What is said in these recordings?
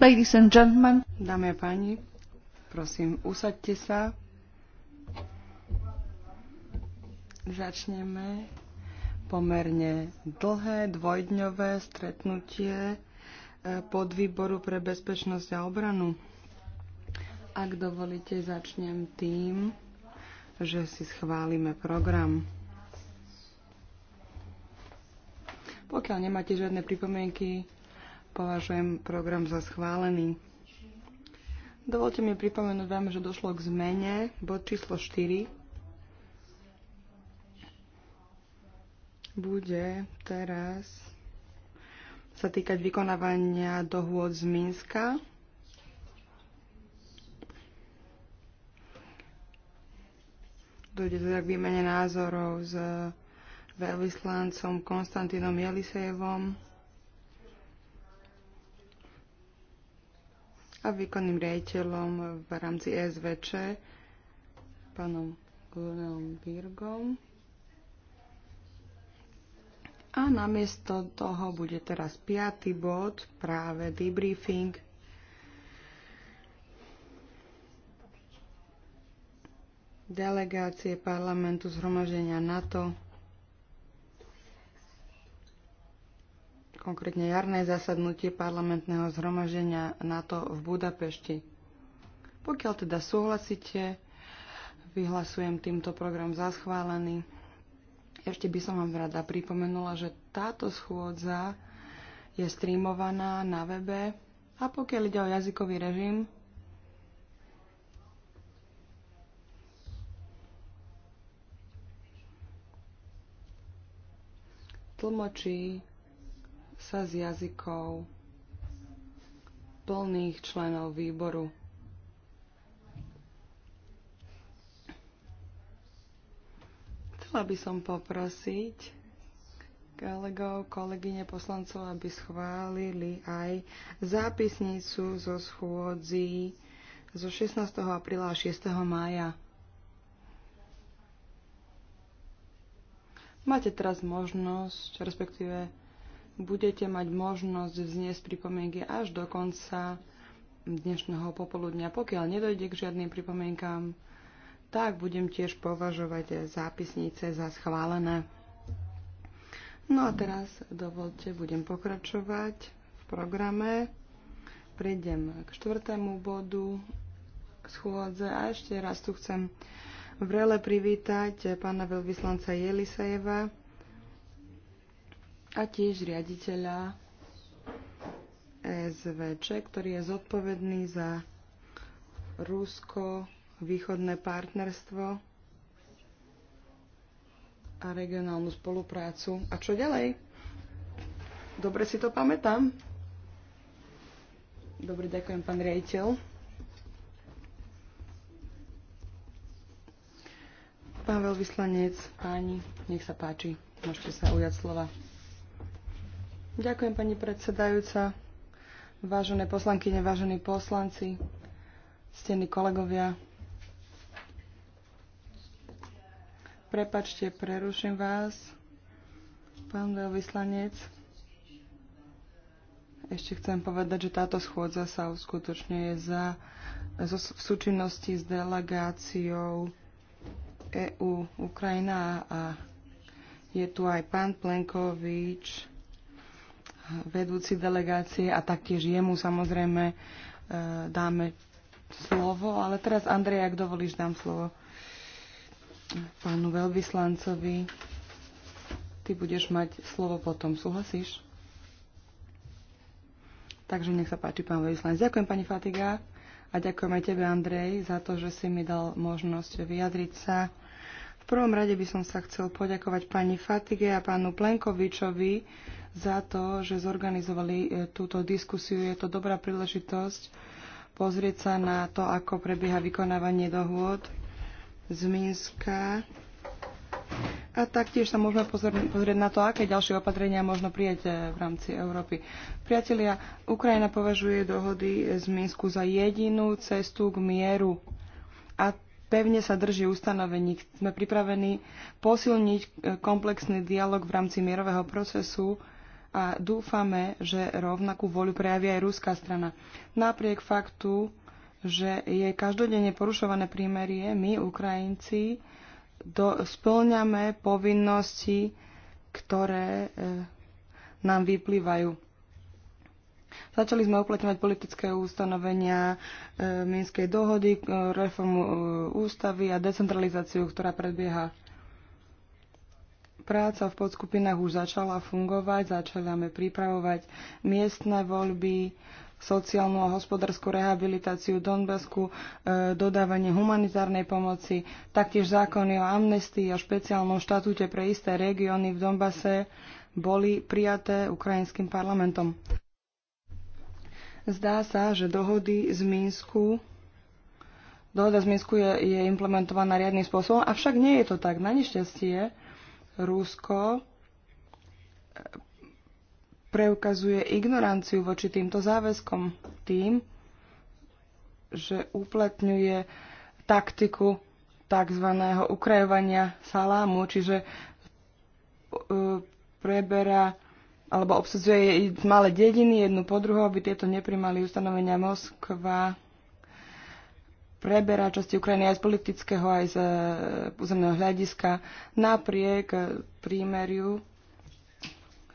Ladies and gentlemen. Dámy a páni, prosím, usaďte sa. Začneme pomerne dlhé dvojdňové stretnutie e, podvýboru pre bezpečnosť a obranu. Ak dovolíte, začnem tým, že si schválime program. Pokiaľ nemáte žiadne pripomienky, považujem program za schválený. Dovolte mi pripomenúť vám, že došlo k zmene, bod číslo 4 bude teraz sa týkať vykonávania dohôd z Minska. Dojde teda k výmene názorov s veľvyslancom Konstantínom Jelisejevom a výkonným riaditeľom v rámci ESVČ, pánom Leonom Birgom. A namiesto toho bude teraz piatý bod, práve debriefing. Delegácie parlamentu zhromaženia NATO konkrétne jarné zasadnutie parlamentného zhromaženia NATO v Budapešti. Pokiaľ teda súhlasíte, vyhlasujem týmto program za schválený. Ešte by som vám rada pripomenula, že táto schôdza je streamovaná na webe a pokiaľ ide o jazykový režim, tlmočí sa z jazykov plných členov výboru. Chcela by som poprosiť kolegov, kolegyne poslancov, aby schválili aj zápisnicu zo schôdzí zo 16. apríla a 6. mája. Máte teraz možnosť, respektíve budete mať možnosť vzniesť pripomienky až do konca dnešného popoludňa. Pokiaľ nedojde k žiadnym pripomienkám, tak budem tiež považovať zápisnice za schválené. No a teraz dovolte, budem pokračovať v programe. Prejdem k štvrtému bodu schôdze a ešte raz tu chcem vrele privítať pána veľvyslanca Jelisajeva, a tiež riaditeľa SVČ, ktorý je zodpovedný za Rusko-východné partnerstvo a regionálnu spoluprácu. A čo ďalej? Dobre si to pamätám. Dobre, ďakujem, pán riaditeľ. Pán veľvyslanec, páni, nech sa páči, môžete sa ujať slova. Ďakujem, pani predsedajúca. Vážené poslankyne, vážení poslanci, stení kolegovia. Prepačte, preruším vás. Pán veľvyslanec, ešte chcem povedať, že táto schôdza sa uskutočňuje za, so, v súčinnosti s delegáciou EU Ukrajina a je tu aj pán Plenkovič, vedúci delegácie a taktiež jemu samozrejme e, dáme slovo. Ale teraz, Andrej, ak dovolíš, dám slovo pánu veľvyslancovi. Ty budeš mať slovo potom. Súhlasíš? Takže nech sa páči, pán veľvyslanec. Ďakujem, pani Fatiga. A ďakujem aj tebe, Andrej, za to, že si mi dal možnosť vyjadriť sa. V prvom rade by som sa chcel poďakovať pani Fatige a pánu Plenkovičovi za to, že zorganizovali e, túto diskusiu. Je to dobrá príležitosť pozrieť sa na to, ako prebieha vykonávanie dohôd z Minska. A taktiež sa môžeme pozrieť na to, aké ďalšie opatrenia možno prijať e, v rámci Európy. Priatelia, Ukrajina považuje dohody z Minsku za jedinú cestu k mieru. A pevne sa drží ustanovení. Sme pripravení posilniť e, komplexný dialog v rámci mierového procesu a dúfame, že rovnakú voľu prejaví aj ruská strana. Napriek faktu, že je každodenne porušované prímerie, my, Ukrajinci, do, splňame povinnosti, ktoré e, nám vyplývajú. Začali sme uplatňovať politické ustanovenia e, Minskej dohody, e, reformu e, ústavy a decentralizáciu, ktorá predbieha Práca v podskupinách už začala fungovať, začaliame pripravovať miestne voľby, sociálnu a hospodárskú rehabilitáciu Donbasku, e, dodávanie humanitárnej pomoci, taktiež zákony o amnestii a špeciálnom štatúte pre isté regióny v Donbase boli prijaté ukrajinským parlamentom. Zdá sa, že dohody z Minsku Dohoda z Minsku je, je implementovaná riadnym spôsobom, avšak nie je to tak. Na nešťastie Rusko preukazuje ignoranciu voči týmto záväzkom tým, že uplatňuje taktiku tzv. ukrajovania salámu, čiže e, preberá alebo obsadzuje malé dediny jednu po druhu, aby tieto neprimali ustanovenia Moskva preberá časti Ukrajiny aj z politického, aj z územného eh, hľadiska. Napriek eh, prímeriu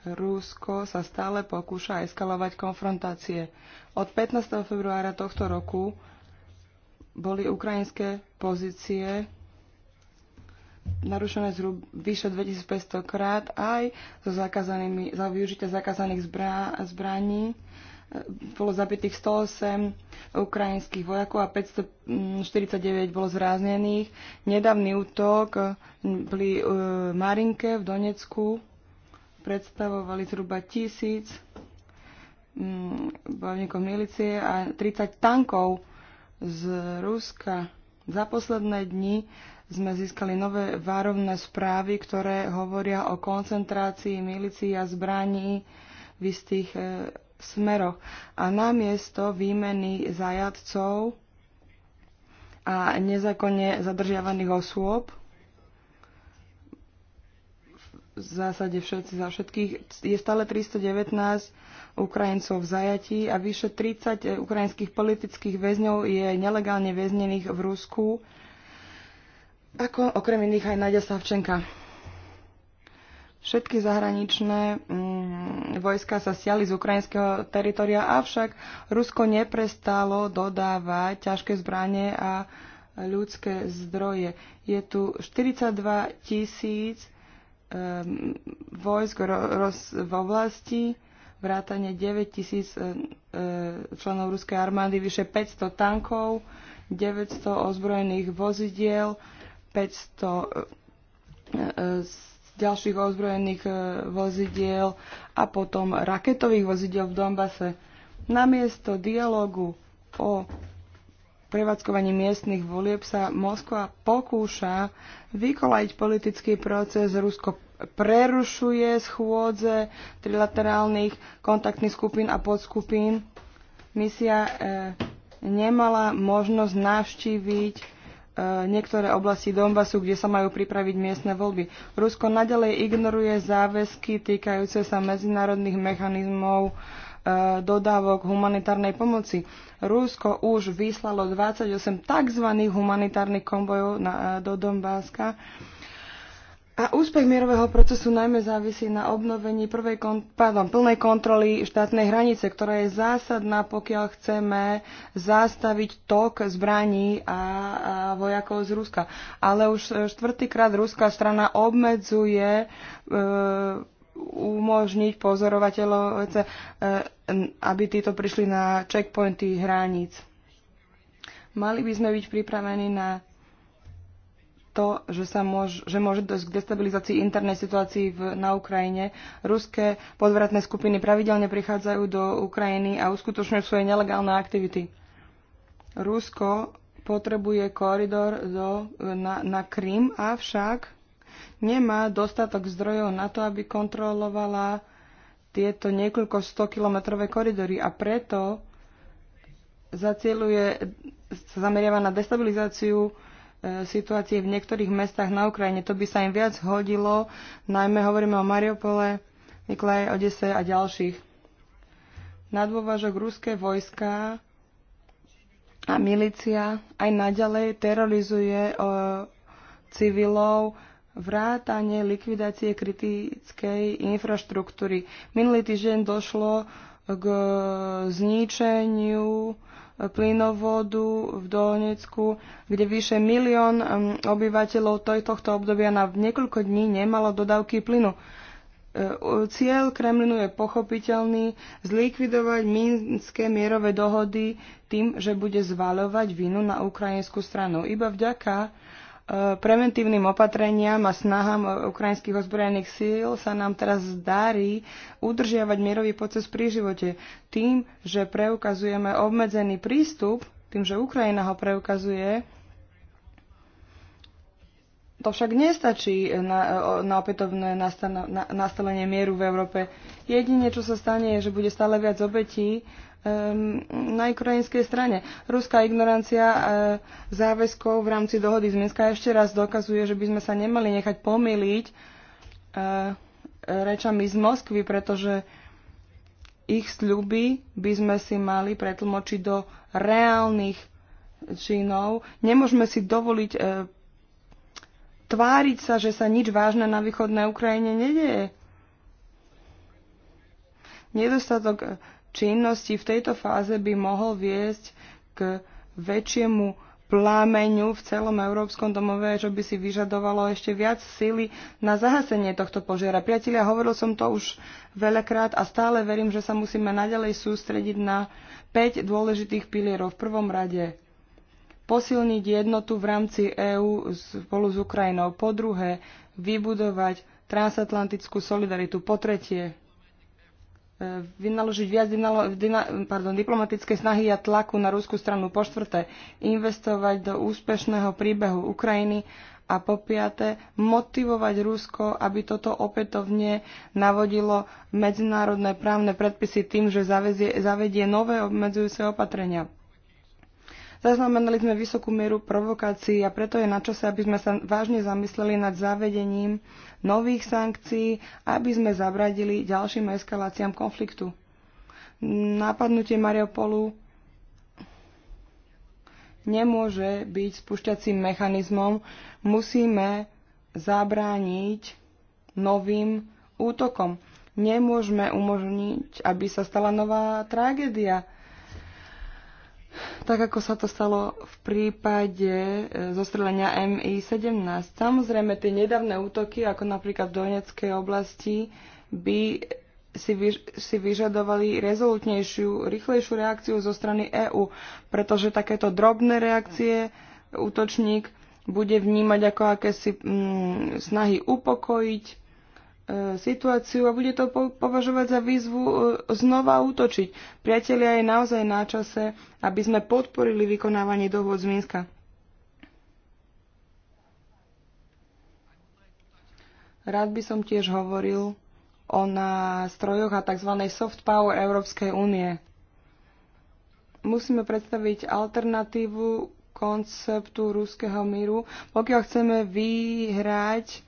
Rusko sa stále pokúša eskalovať konfrontácie. Od 15. februára tohto roku boli ukrajinské pozície narušené zhruba vyše 2500 krát aj so zakázanými, za využitie zakázaných zbraní bolo zabitých 108 ukrajinských vojakov a 549 bolo zráznených. Nedávny útok pri e, Marinke v Donecku predstavovali zhruba tisíc mm, bojovníkov milície a 30 tankov z Ruska. Za posledné dni sme získali nové várovné správy, ktoré hovoria o koncentrácii milícií a zbraní v istých e, smeroch. A miesto výmeny zajadcov a nezákonne zadržiavaných osôb, v zásade všetci za všetkých, je stále 319 Ukrajincov v zajatí a vyše 30 ukrajinských politických väzňov je nelegálne väznených v Rusku, ako okrem iných aj Nadia Savčenka. Všetky zahraničné mm, vojska sa stiali z ukrajinského teritoria, avšak Rusko neprestalo dodávať ťažké zbranie a ľudské zdroje. Je tu 42 tisíc ehm, vojsk v oblasti, vrátane 9 tisíc e, e, členov ruskej armády, vyše 500 tankov, 900 ozbrojených vozidiel, 500 uh, e, ďalších ozbrojených e, vozidiel a potom raketových vozidiel v Donbase. Namiesto dialogu o prevádzkovaní miestnych volieb sa Moskva pokúša vykolajiť politický proces. Rusko prerušuje schôdze trilaterálnych kontaktných skupín a podskupín. Misia e, nemala možnosť navštíviť E, niektoré oblasti Donbasu, kde sa majú pripraviť miestne voľby. Rusko nadalej ignoruje záväzky týkajúce sa medzinárodných mechanizmov e, dodávok humanitárnej pomoci. Rusko už vyslalo 28 tzv. humanitárnych konvojov na, e, do Donbáska a úspech mierového procesu najmä závisí na obnovení prvej kon- pardon, plnej kontroly štátnej hranice, ktorá je zásadná, pokiaľ chceme zastaviť tok zbraní a, a vojakov z Ruska. Ale už štvrtýkrát ruská strana obmedzuje e, umožniť pozorovateľov, e, e aby títo prišli na checkpointy hraníc. Mali by sme byť pripravení na to, že, sa môž, že môže dojsť k destabilizácii internej situácii v, na Ukrajine. Ruské podvratné skupiny pravidelne prichádzajú do Ukrajiny a uskutočňujú svoje nelegálne aktivity. Rusko potrebuje koridor do, na, na Krym, avšak nemá dostatok zdrojov na to, aby kontrolovala tieto niekoľko 100-kilometrové koridory a preto zacieluje, sa zameriava na destabilizáciu situácie v niektorých mestách na Ukrajine. To by sa im viac hodilo, najmä hovoríme o Mariupole, Nikolaj, Odese a ďalších. Na dôvažok ruské vojska a milícia aj naďalej terorizuje civilov, vrátanie likvidácie kritickej infraštruktúry. Minulý týždeň došlo k zničeniu plynovodu v Donecku, kde vyše milión um, obyvateľov tohto obdobia na niekoľko dní nemalo dodávky plynu. E, cieľ Kremlinu je pochopiteľný zlikvidovať minské mierové dohody tým, že bude zvalovať vinu na ukrajinskú stranu. Iba vďaka preventívnym opatreniam a snahám ukrajinských ozbrojených síl sa nám teraz darí udržiavať mierový proces pri živote tým, že preukazujeme obmedzený prístup, tým, že Ukrajina ho preukazuje, to však nestačí na, na opätovné nastavenie mieru v Európe. Jedine, čo sa stane, je, že bude stále viac obetí um, na ukrajinskej strane. Ruská ignorancia uh, záväzkov v rámci dohody z Minska ešte raz dokazuje, že by sme sa nemali nechať pomýliť uh, rečami z Moskvy, pretože ich sľuby by sme si mali pretlmočiť do reálnych činov. Nemôžeme si dovoliť uh, tváriť sa, že sa nič vážne na východnej Ukrajine nedieje. Nedostatok činnosti v tejto fáze by mohol viesť k väčšiemu plámeniu v celom európskom domove, čo by si vyžadovalo ešte viac sily na zahasenie tohto požiara. Priatelia, hovoril som to už veľakrát a stále verím, že sa musíme naďalej sústrediť na 5 dôležitých pilierov. V prvom rade posilniť jednotu v rámci EÚ spolu s Ukrajinou. Po druhé, vybudovať transatlantickú solidaritu. Po tretie, e, vynaložiť viac pardon, diplomatické snahy a tlaku na ruskú stranu. Po štvrté, investovať do úspešného príbehu Ukrajiny. A po piaté, motivovať Rusko, aby toto opätovne navodilo medzinárodné právne predpisy tým, že zavedie, zavedie nové obmedzujúce opatrenia. Zaznamenali sme vysokú mieru provokácií a preto je na čase, aby sme sa vážne zamysleli nad zavedením nových sankcií, aby sme zabradili ďalším eskaláciám konfliktu. Napadnutie Mariupolu nemôže byť spúšťacím mechanizmom. Musíme zabrániť novým útokom. Nemôžeme umožniť, aby sa stala nová tragédia tak ako sa to stalo v prípade e, zostrelenia MI-17. Samozrejme, tie nedávne útoky, ako napríklad v Donetskej oblasti, by si, vyž- si vyžadovali rezolutnejšiu, rýchlejšiu reakciu zo strany EÚ, pretože takéto drobné reakcie útočník bude vnímať ako akési mm, snahy upokojiť E, situáciu a bude to považovať za výzvu e, znova útočiť. Priatelia, je naozaj na čase, aby sme podporili vykonávanie dohôd z Minska. Rád by som tiež hovoril o nástrojoch a tzv. soft power Európskej únie. Musíme predstaviť alternatívu konceptu ruského míru, pokiaľ chceme vyhrať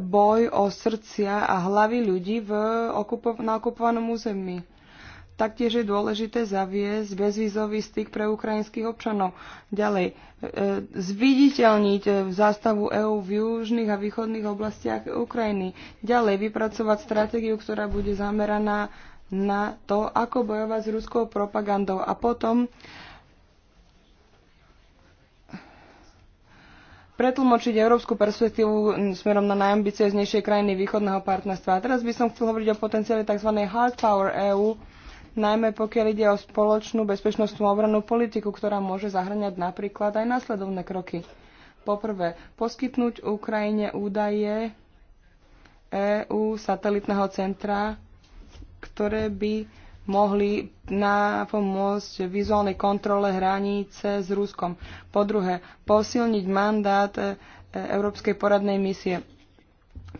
boj o srdcia a hlavy ľudí v okupo- na okupovanom území. Taktiež je dôležité zaviesť bezvízový styk pre ukrajinských občanov. Ďalej, e, zviditeľniť e, zástavu EÚ v južných a východných oblastiach Ukrajiny. Ďalej, vypracovať stratégiu, ktorá bude zameraná na to, ako bojovať s ruskou propagandou. A potom pretlmočiť európsku perspektívu mm, smerom na najambicioznejšie krajiny východného partnerstva. A teraz by som chcel hovoriť o potenciáli tzv. hard power EÚ, najmä pokiaľ ide o spoločnú bezpečnostnú obranú politiku, ktorá môže zahrňať napríklad aj následovné kroky. Poprvé, poskytnúť Ukrajine údaje EÚ satelitného centra, ktoré by mohli napomôcť vizuálnej kontrole hranice s Ruskom. Po druhé, posilniť mandát e, Európskej poradnej misie.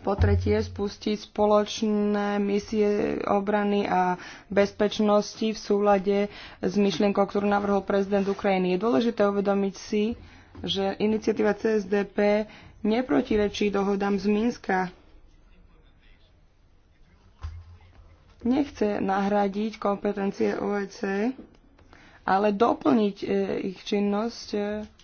Po tretie, spustiť spoločné misie obrany a bezpečnosti v súlade s myšlienkou, ktorú navrhol prezident Ukrajiny. Je dôležité uvedomiť si, že iniciatíva CSDP neprotirečí dohodám z Minska, nechce nahradiť kompetencie OEC, ale doplniť e, ich činnosť e,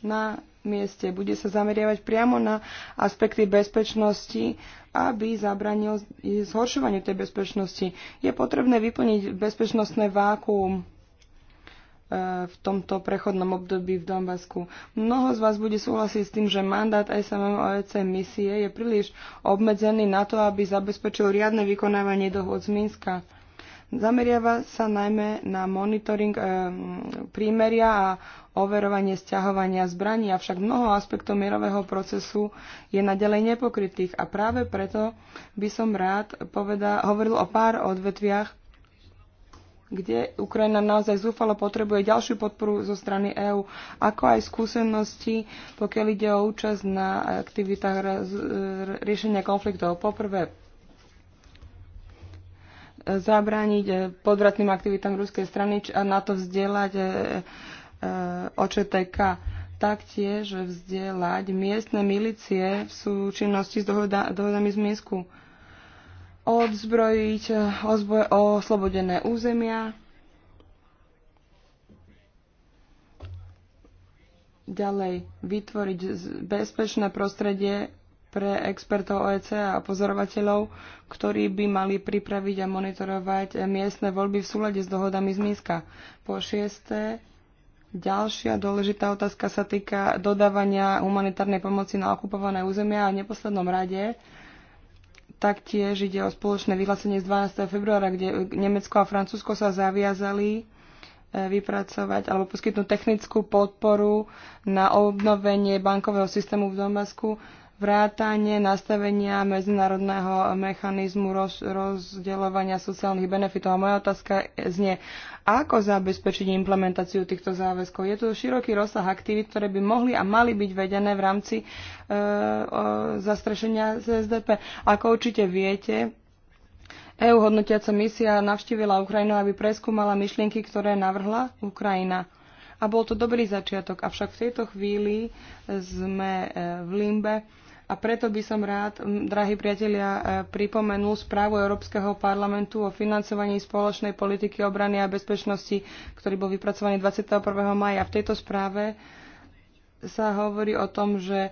na mieste. Bude sa zameriavať priamo na aspekty bezpečnosti, aby zabranil zhoršovaniu tej bezpečnosti. Je potrebné vyplniť bezpečnostné vákuum v tomto prechodnom období v Donbasku. Mnoho z vás bude súhlasiť s tým, že mandát SMM OEC misie je príliš obmedzený na to, aby zabezpečil riadne vykonávanie dohod z Minska. Zameriava sa najmä na monitoring e, prímeria a overovanie stiahovania zbraní, avšak mnoho aspektov mierového procesu je nadalej nepokrytých a práve preto by som rád povedal, hovoril o pár odvetviach, kde Ukrajina naozaj zúfalo potrebuje ďalšiu podporu zo strany EÚ, ako aj skúsenosti, pokiaľ ide o účasť na aktivitách riešenia konfliktov. Poprvé, zabrániť eh, podvratným aktivitám ruskej strany a na to vzdielať eh, eh, OČTK taktiež vzdielať miestne milície v súčinnosti s dohodami z Minsku odzbrojiť ozboj, oslobodené územia. Ďalej vytvoriť bezpečné prostredie pre expertov OEC a pozorovateľov, ktorí by mali pripraviť a monitorovať miestne voľby v súlade s dohodami z Minska. Po šiesté, ďalšia dôležitá otázka sa týka dodávania humanitárnej pomoci na okupované územia a v neposlednom rade Taktiež ide o spoločné vyhlásenie z 12. februára, kde Nemecko a Francúzsko sa zaviazali e, vypracovať alebo poskytnúť technickú podporu na obnovenie bankového systému v Donbasku vrátanie nastavenia medzinárodného mechanizmu roz, rozdeľovania sociálnych benefitov. A moja otázka znie, ako zabezpečiť implementáciu týchto záväzkov. Je tu široký rozsah aktivít, ktoré by mohli a mali byť vedené v rámci e, o, zastrešenia CSDP. Ako určite viete, EU hodnotiaca misia navštívila Ukrajinu, aby preskúmala myšlienky, ktoré navrhla Ukrajina a bol to dobrý začiatok. Avšak v tejto chvíli sme e, v limbe a preto by som rád, drahí priatelia, e, pripomenul správu Európskeho parlamentu o financovaní spoločnej politiky obrany a bezpečnosti, ktorý bol vypracovaný 21. maja. V tejto správe sa hovorí o tom, že e,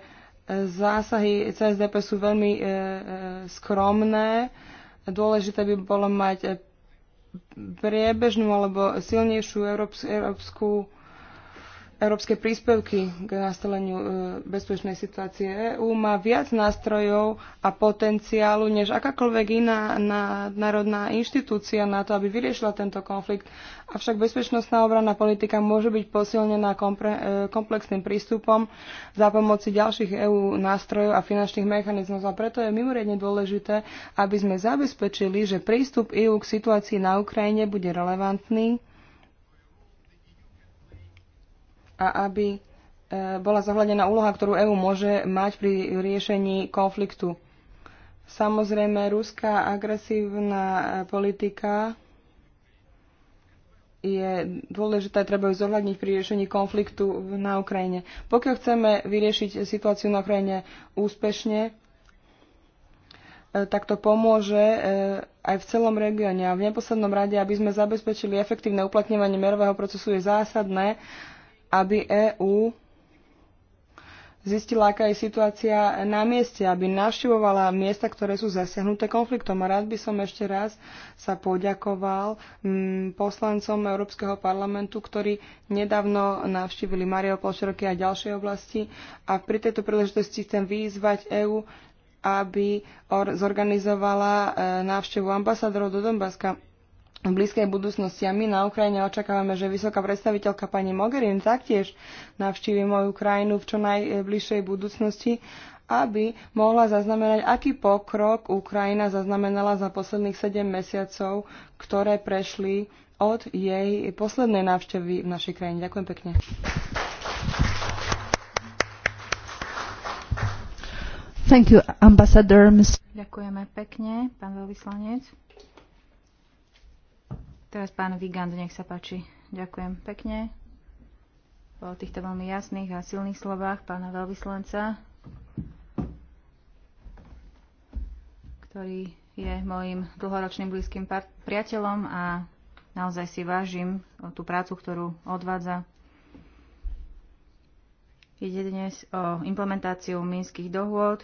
zásahy CSDP sú veľmi e, skromné. Dôležité by bolo mať priebežnú alebo silnejšiu európsku európske príspevky k nastoleniu e, bezpečnej situácie EÚ má viac nástrojov a potenciálu než akákoľvek iná národná inštitúcia na to, aby vyriešila tento konflikt. Avšak bezpečnostná obranná politika môže byť posilnená e, komplexným prístupom za pomoci ďalších EÚ nástrojov a finančných mechanizmov. A preto je mimoriadne dôležité, aby sme zabezpečili, že prístup EÚ k situácii na Ukrajine bude relevantný a aby e, bola zohľadená úloha, ktorú EÚ môže mať pri riešení konfliktu. Samozrejme, ruská agresívna e, politika je dôležité, treba ju zohľadniť pri riešení konfliktu na Ukrajine. Pokiaľ chceme vyriešiť situáciu na Ukrajine úspešne, e, tak to pomôže aj v celom regióne. A v neposlednom rade, aby sme zabezpečili efektívne uplatňovanie merového procesu, je zásadné, aby EÚ zistila, aká je situácia na mieste, aby navštivovala miesta, ktoré sú zasiahnuté konfliktom. A rád by som ešte raz sa poďakoval mm, poslancom Európskeho parlamentu, ktorí nedávno navštívili Mario polšeroky a ďalšie oblasti. A pri tejto príležitosti chcem vyzvať EÚ, aby zorganizovala e, návštevu ambasádorov do Donbaska v blízkej budúcnosti. A my na Ukrajine očakávame, že vysoká predstaviteľka pani Mogherini taktiež navštívi moju krajinu v čo najbližšej budúcnosti, aby mohla zaznamenať, aký pokrok Ukrajina zaznamenala za posledných 7 mesiacov, ktoré prešli od jej poslednej návštevy v našej krajine. Ďakujem pekne. Thank you, Ďakujeme pekne, pán veľvyslanec. Teraz pán Vigand, nech sa páči. Ďakujem pekne po týchto veľmi jasných a silných slovách pána veľvyslanca, ktorý je môjim dlhoročným blízkym priateľom a naozaj si vážim tú prácu, ktorú odvádza. Ide dnes o implementáciu mínskych dohôd,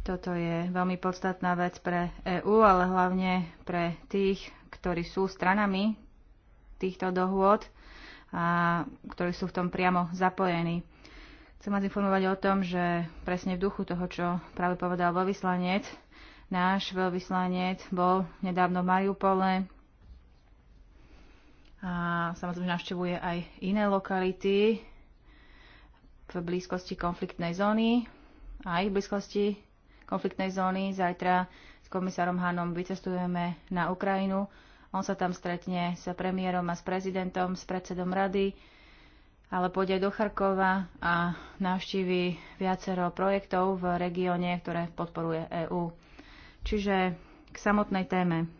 toto je veľmi podstatná vec pre EÚ, ale hlavne pre tých, ktorí sú stranami týchto dohôd a ktorí sú v tom priamo zapojení. Chcem vás informovať o tom, že presne v duchu toho, čo práve povedal veľvyslanec, náš veľvyslanec bol nedávno v Mariupole a samozrejme navštevuje aj iné lokality v blízkosti konfliktnej zóny a aj v blízkosti konfliktnej zóny. Zajtra s komisárom Hanom vycestujeme na Ukrajinu. On sa tam stretne s premiérom a s prezidentom, s predsedom rady, ale pôjde do Charkova a navštívi viacero projektov v regióne, ktoré podporuje EÚ. Čiže k samotnej téme.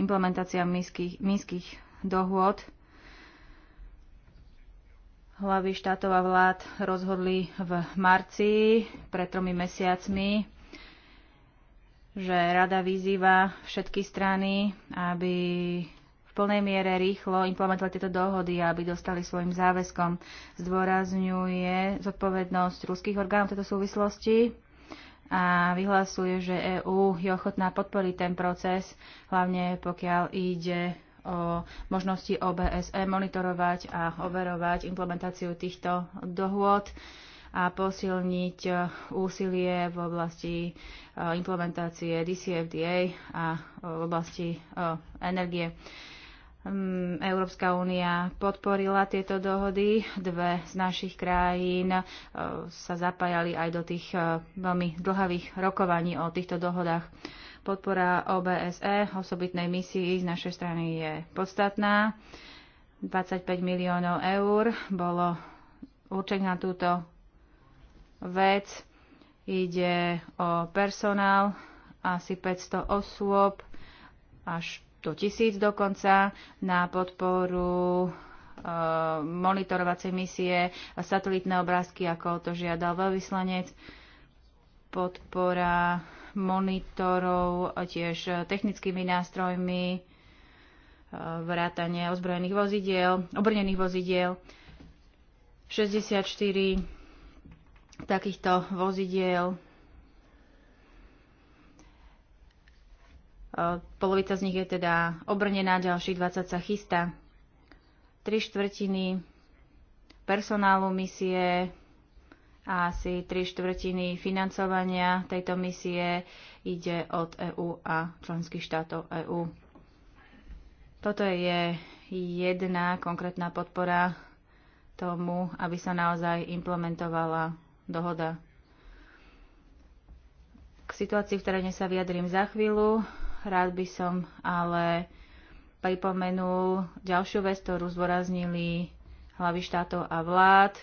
Implementácia mínskych, mínskych dohôd hlavy štátov a vlád rozhodli v marci pred tromi mesiacmi že rada vyzýva všetky strany, aby v plnej miere rýchlo implementovali tieto dohody a aby dostali svojim záväzkom. Zdôrazňuje zodpovednosť ruských orgánov v tejto súvislosti a vyhlasuje, že EÚ je ochotná podporiť ten proces, hlavne pokiaľ ide o možnosti OBSE monitorovať a overovať implementáciu týchto dohôd a posilniť eh, úsilie v oblasti eh, implementácie DCFDA a eh, v oblasti energie. Mm, Európska únia podporila tieto dohody. Dve z našich krajín sa zapájali aj do tých veľmi dlhavých rokovaní o týchto dohodách. Podpora OBSE, osobitnej misii z našej strany je podstatná. 25 miliónov eur bolo určené na túto vec. Ide o personál, asi 500 osôb, až do tisíc dokonca, na podporu eh, monitorovacie misie, satelitné obrázky, ako to žiadal veľvyslanec, podpora monitorov, tiež technickými nástrojmi, eh, vrátanie ozbrojených vozidiel, obrnených vozidiel, 64 takýchto vozidiel. E, polovica z nich je teda obrnená, ďalších 20 sa chystá. Tri štvrtiny personálu misie a asi tri štvrtiny financovania tejto misie ide od EÚ a členských štátov EÚ. Toto je jedna konkrétna podpora tomu, aby sa naozaj implementovala dohoda. K situácii, v ktorej sa vyjadrím za chvíľu, rád by som ale pripomenul ďalšiu vec, ktorú zdôraznili hlavy štátov a vlád,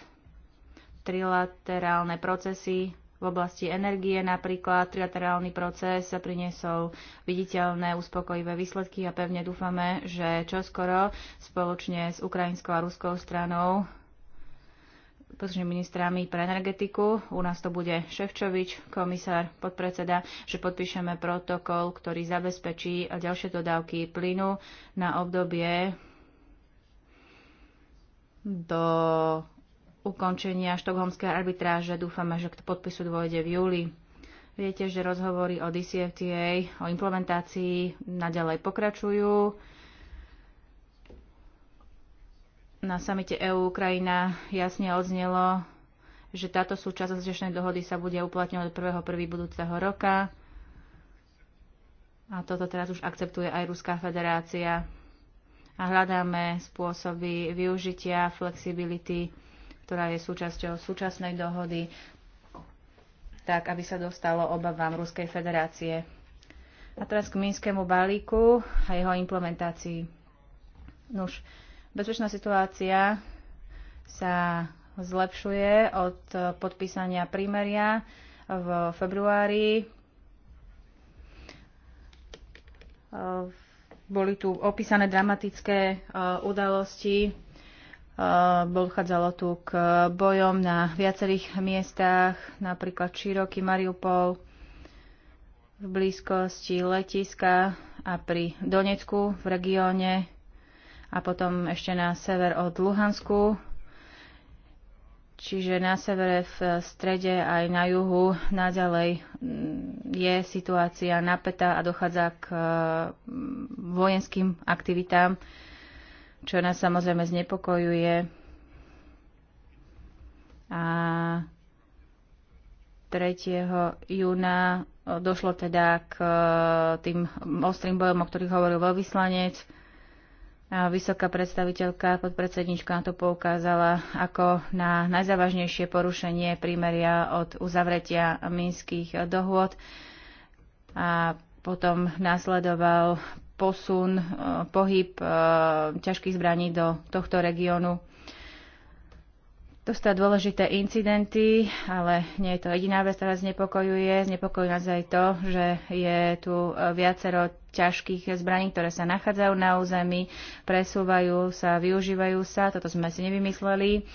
trilaterálne procesy v oblasti energie napríklad trilaterálny proces sa priniesol viditeľné uspokojivé výsledky a pevne dúfame, že čoskoro spoločne s ukrajinskou a ruskou stranou príslušnými ministrami pre energetiku. U nás to bude Ševčovič, komisár, podpredseda, že podpíšeme protokol, ktorý zabezpečí ďalšie dodávky plynu na obdobie do ukončenia štokholmskej arbitráže. Dúfame, že k podpisu dôjde v júli. Viete, že rozhovory o DCFTA, o implementácii naďalej pokračujú na samite EU Ukrajina jasne odznelo, že táto súčasť zrešenej dohody sa bude uplatňovať od 1.1. budúceho roka. A toto teraz už akceptuje aj Ruská federácia. A hľadáme spôsoby využitia flexibility, ktorá je súčasťou súčasnej dohody, tak aby sa dostalo obavám Ruskej federácie. A teraz k Minskému balíku a jeho implementácii. Nuž, no Bezpečná situácia sa zlepšuje od podpísania prímeria v februári. Eh, boli tu opísané dramatické eh, udalosti. Eh, dochádzalo tu k bojom na viacerých miestach, napríklad Široký Mariupol v blízkosti letiska a pri Donecku v regióne a potom ešte na sever od Luhansku. Čiže na severe, v strede aj na juhu naďalej mm, je situácia napätá a dochádza k e, vojenským aktivitám, čo nás samozrejme znepokojuje. A 3. júna e, došlo teda k e, tým ostrým bojom, o ktorých hovoril veľvyslanec. vyslanec Vysoká predstaviteľka, podpredsednička to poukázala ako na najzávažnejšie porušenie prímeria od uzavretia minských dohôd. A potom nasledoval posun, e, pohyb e, ťažkých zbraní do tohto regiónu. To sú dôležité incidenty, ale nie je to jediná vec, ktorá znepokojuje. Znepokojuje nás aj to, že je tu e, viacero ťažkých zbraní, ktoré sa nachádzajú na území, presúvajú sa, využívajú sa. Toto sme si nevymysleli.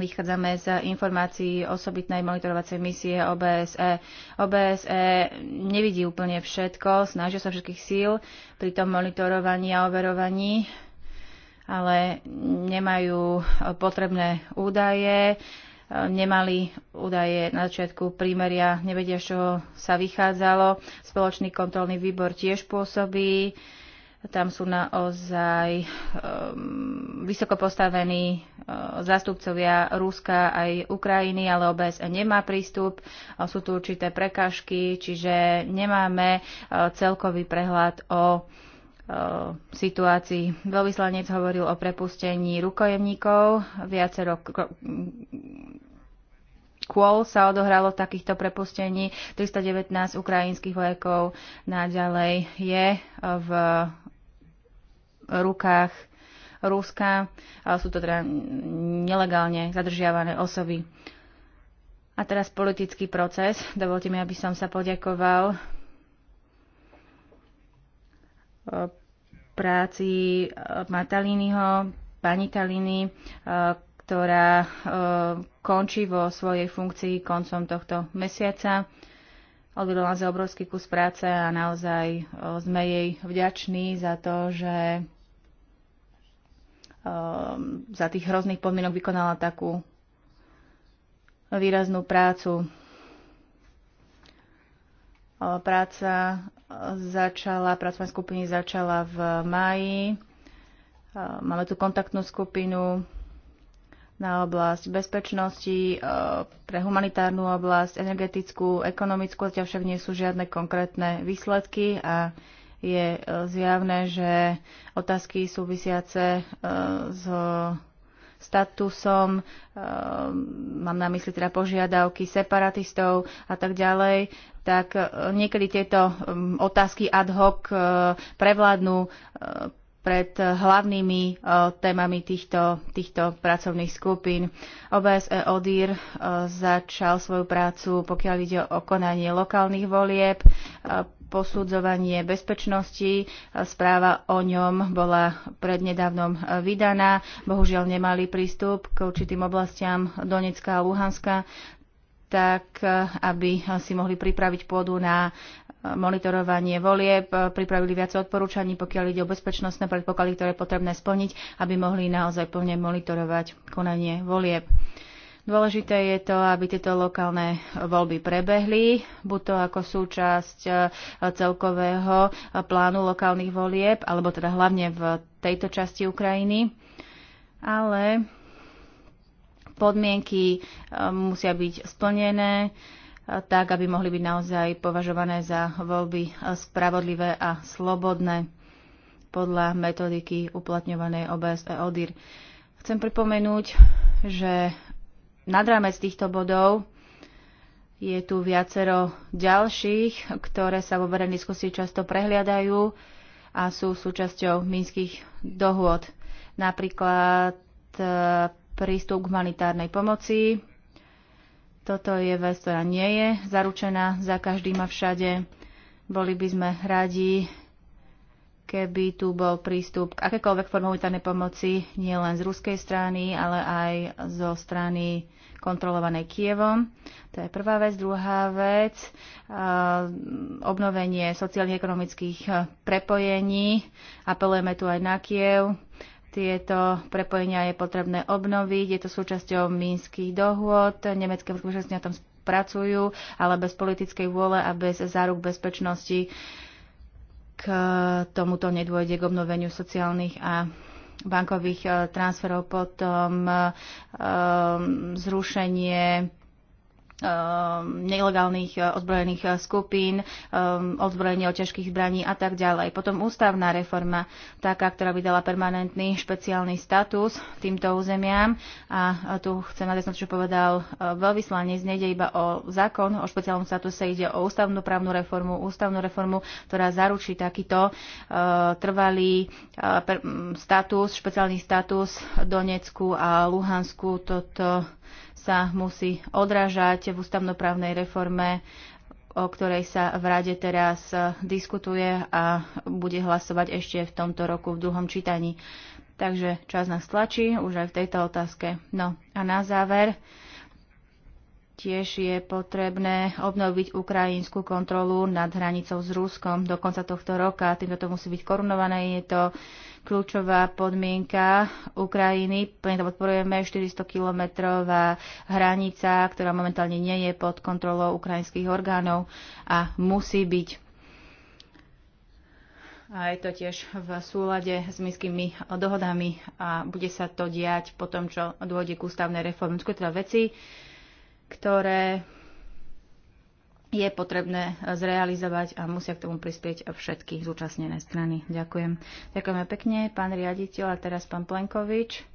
Vychádzame z informácií osobitnej monitorovacej misie OBSE. OBSE nevidí úplne všetko, snažia sa všetkých síl pri tom monitorovaní a overovaní ale nemajú potrebné údaje, nemali údaje na začiatku prímeria, nevedia, z čoho sa vychádzalo. Spoločný kontrolný výbor tiež pôsobí. Tam sú naozaj um, vysoko postavení uh, zástupcovia Ruska aj Ukrajiny, ale OBS e nemá prístup. Uh, sú tu určité prekážky, čiže nemáme uh, celkový prehľad o uh, Eh, situácii. Veľvyslanec hovoril o prepustení rukojemníkov. Viacero kôl sa odohralo takýchto prepustení. 319 ukrajinských vojakov naďalej je eh, v rukách Ruska. Sú to teda nelegálne zadržiavané osoby. A teraz politický proces. Dovolte mi, aby som sa poďakoval práci eh, Mataliniho, pani Taliny, eh, ktorá eh, končí vo svojej funkcii koncom tohto mesiaca. Odvedla za obrovský kus práce a naozaj sme jej vďační za to, že za tých hrozných podmienok vykonala takú výraznú prácu. Práca začala, pracovné skupiny začala v máji. Máme tu kontaktnú skupinu na oblasť bezpečnosti, pre humanitárnu oblasť, energetickú, ekonomickú, zatiaľ však nie sú žiadne konkrétne výsledky a je e, zjavné, že otázky súvisiace e, s statusom, e, mám na mysli teda požiadavky separatistov a tak ďalej, tak e, niekedy tieto otázky ad hoc e, prevládnu e, pred hlavnými témami týchto, týchto pracovných skupín. OBSE ODIR začal svoju prácu, pokiaľ ide o konanie lokálnych volieb, posudzovanie bezpečnosti. Správa o ňom bola prednedávnom vydaná. Bohužiaľ nemali prístup k určitým oblastiam Donecka a Luhanska, tak eh, aby si mohli pripraviť pôdu na eh, monitorovanie volieb, eh, pripravili viac odporúčaní, pokiaľ ide o bezpečnostné predpoklady, ktoré je potrebné splniť, aby mohli naozaj plne monitorovať konanie volieb. Dôležité je to, aby tieto lokálne voľby prebehli, buď to ako súčasť celkového plánu lokálnych volieb, alebo teda hlavne v tejto časti Ukrajiny. Ale podmienky e, musia byť splnené e, tak, aby mohli byť naozaj považované za voľby e, spravodlivé a slobodné podľa metodiky uplatňovanej OBSE ODIR. Chcem pripomenúť, že nad rámec týchto bodov je tu viacero ďalších, ktoré sa vo verejnej diskusii často prehliadajú a sú súčasťou mínskych dohôd. Napríklad prístup k humanitárnej pomoci. Toto je vec, ktorá nie je zaručená za každým a všade. Boli by sme radi, keby tu bol prístup k akékoľvek formu humanitárnej pomoci, nielen z ruskej strany, ale aj zo strany kontrolovanej Kievom. To je prvá vec. Druhá vec, obnovenie sociálnych ekonomických prepojení. Apelujeme tu aj na Kiev, tieto prepojenia je potrebné obnoviť, je to súčasťou mínskych dohôd, nemecké bezpečnosti na tom pracujú, ale bez politickej vôle a bez záruk bezpečnosti k tomuto nedôjde k obnoveniu sociálnych a bankových eh, transferov, potom eh, zrušenie Ehm, nelegálnych e, ozbrojených e, skupín, ehm, odzbrojenie od ťažkých zbraní a tak ďalej. Potom ústavná reforma, taká, ktorá by dala permanentný špeciálny status týmto územiam. A e, tu chcem nadesnať, čo povedal veľvyslanec, nejde iba o zákon, o špeciálnom statuse, ide o ústavnú právnu reformu, ústavnú reformu, ktorá zaručí takýto trvalý status, špeciálny status Donecku a Luhansku. Toto sa musí odrážať v ústavnoprávnej reforme, o ktorej sa v rade teraz e, diskutuje a bude hlasovať ešte v tomto roku v druhom čítaní. Takže čas nás tlačí už aj v tejto otázke. No a na záver, Tiež je potrebné obnoviť ukrajinskú kontrolu nad hranicou s Ruskom do konca tohto roka. Týmto to musí byť korunované. Je to kľúčová podmienka Ukrajiny. Plne to podporujeme 400-kilometrová hranica, ktorá momentálne nie je pod kontrolou ukrajinských orgánov a musí byť a je to tiež v súlade s minskými dohodami a bude sa to diať po tom, čo dôjde k ústavnej reforme. Teda veci, ktoré je potrebné zrealizovať a musia k tomu prispieť všetky zúčastnené strany. Ďakujem. Ďakujeme pekne, pán riaditeľ a teraz pán Plenkovič,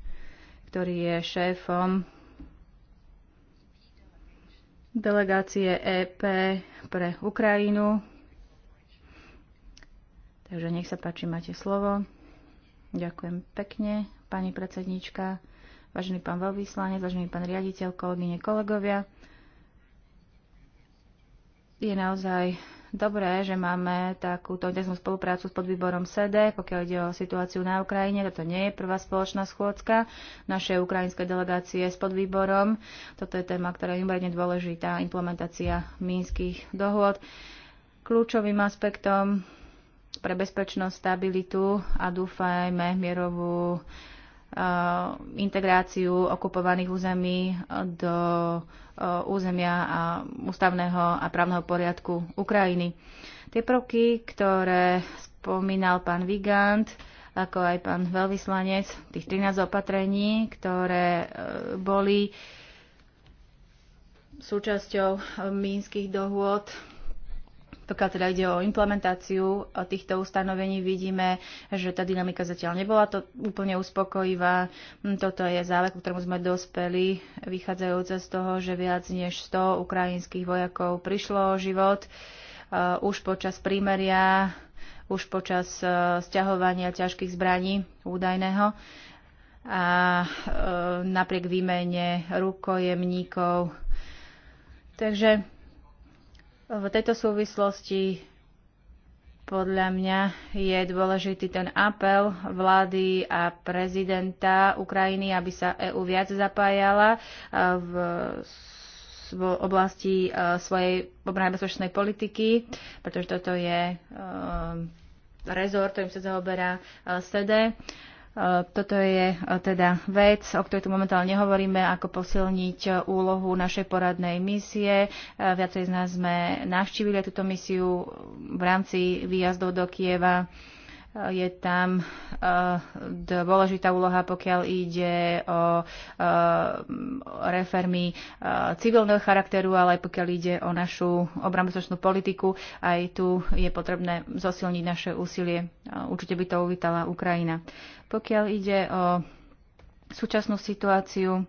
ktorý je šéfom delegácie EP pre Ukrajinu. Takže nech sa páči, máte slovo. Ďakujem pekne, pani predsednička vážený pán veľvyslanec, vážený pán riaditeľ, kolegyne, kolegovia. Je naozaj dobré, že máme takúto intenzívnu spoluprácu s podvýborom SEDE, pokiaľ ide o situáciu na Ukrajine. Toto nie je prvá spoločná schôdzka našej ukrajinskej delegácie s podvýborom. Toto je téma, ktorá je mimoriadne dôležitá, implementácia mínskych dohôd. Kľúčovým aspektom pre bezpečnosť, stabilitu a dúfajme mierovú Eh, integráciu okupovaných území eh, do eh, územia a ústavného a právneho poriadku Ukrajiny. Tie prvky, ktoré spomínal pán Vigant, ako aj pán veľvyslanec, tých 13 opatrení, ktoré boli súčasťou mínskych dohôd, pokiaľ teda ide o implementáciu e, týchto ustanovení, vidíme, že tá dynamika zatiaľ nebola to úplne uspokojivá. Hm, toto je záver, ku ktorému sme dospeli, vychádzajúce z toho, že viac než 100 ukrajinských vojakov prišlo o život e, už počas prímeria, už počas e, sťahovania ťažkých zbraní údajného a e, napriek výmene rukojemníkov. Takže v tejto súvislosti podľa mňa je dôležitý ten apel vlády a prezidenta Ukrajiny, aby sa EÚ viac zapájala e, v, v oblasti e, svojej obrany bezpečnostnej politiky, pretože toto je e, rezort, ktorým sa zaoberá SEDE. E, toto je e, teda vec, o ktorej tu momentálne nehovoríme, ako posilniť e, úlohu našej poradnej misie. Viacej z nás sme navštívili túto misiu v rámci výjazdov do Kieva je tam eh, dôležitá úloha, pokiaľ ide o eh, reformy eh, civilného charakteru, ale aj pokiaľ ide o našu obrambezočnú politiku. Aj tu je potrebné zosilniť naše úsilie. Určite by to uvítala Ukrajina. Pokiaľ ide o súčasnú situáciu,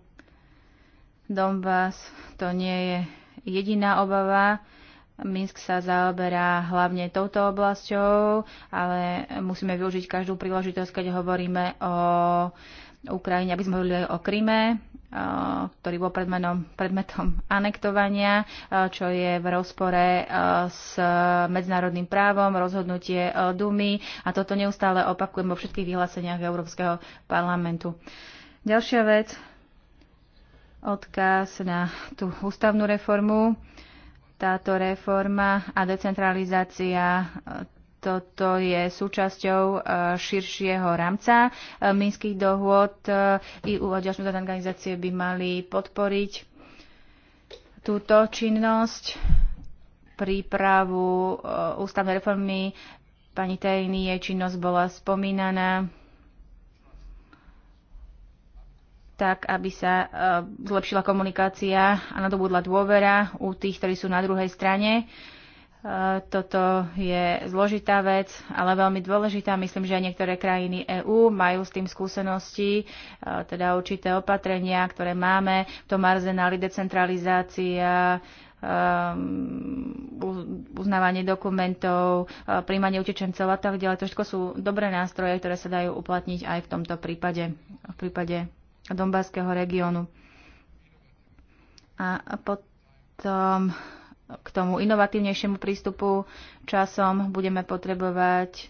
Donbass to nie je jediná obava Minsk sa zaoberá hlavne touto oblasťou, ale musíme využiť každú príležitosť, keď hovoríme o Ukrajine, aby sme hovorili aj o Kryme, ktorý bol predmenom, predmetom anektovania, čo je v rozpore s medzinárodným právom, rozhodnutie Dumy a toto neustále opakujem vo všetkých vyhláseniach Európskeho parlamentu. Ďalšia vec, odkaz na tú ústavnú reformu. Táto reforma a decentralizácia e, toto je súčasťou e, širšieho rámca e, minských dohôd. I a ďalšie organizácie by mali podporiť túto činnosť, prípravu ústavnej reformy. Pani Tejny, jej činnosť bola spomínaná tak aby sa e, zlepšila komunikácia a nadobudla dôvera u tých, ktorí sú na druhej strane. E, toto je zložitá vec, ale veľmi dôležitá. Myslím, že aj niektoré krajiny EÚ majú s tým skúsenosti, e, teda určité opatrenia, ktoré máme v tom arzenáli decentralizácia, ehm, uznávanie dokumentov, príjmanie utečencov a tak ďalej. To všetko sú dobré nástroje, ktoré sa dajú uplatniť aj v tomto prípade, v prípade Donbáského regiónu. A potom k tomu inovatívnejšiemu prístupu časom budeme potrebovať e,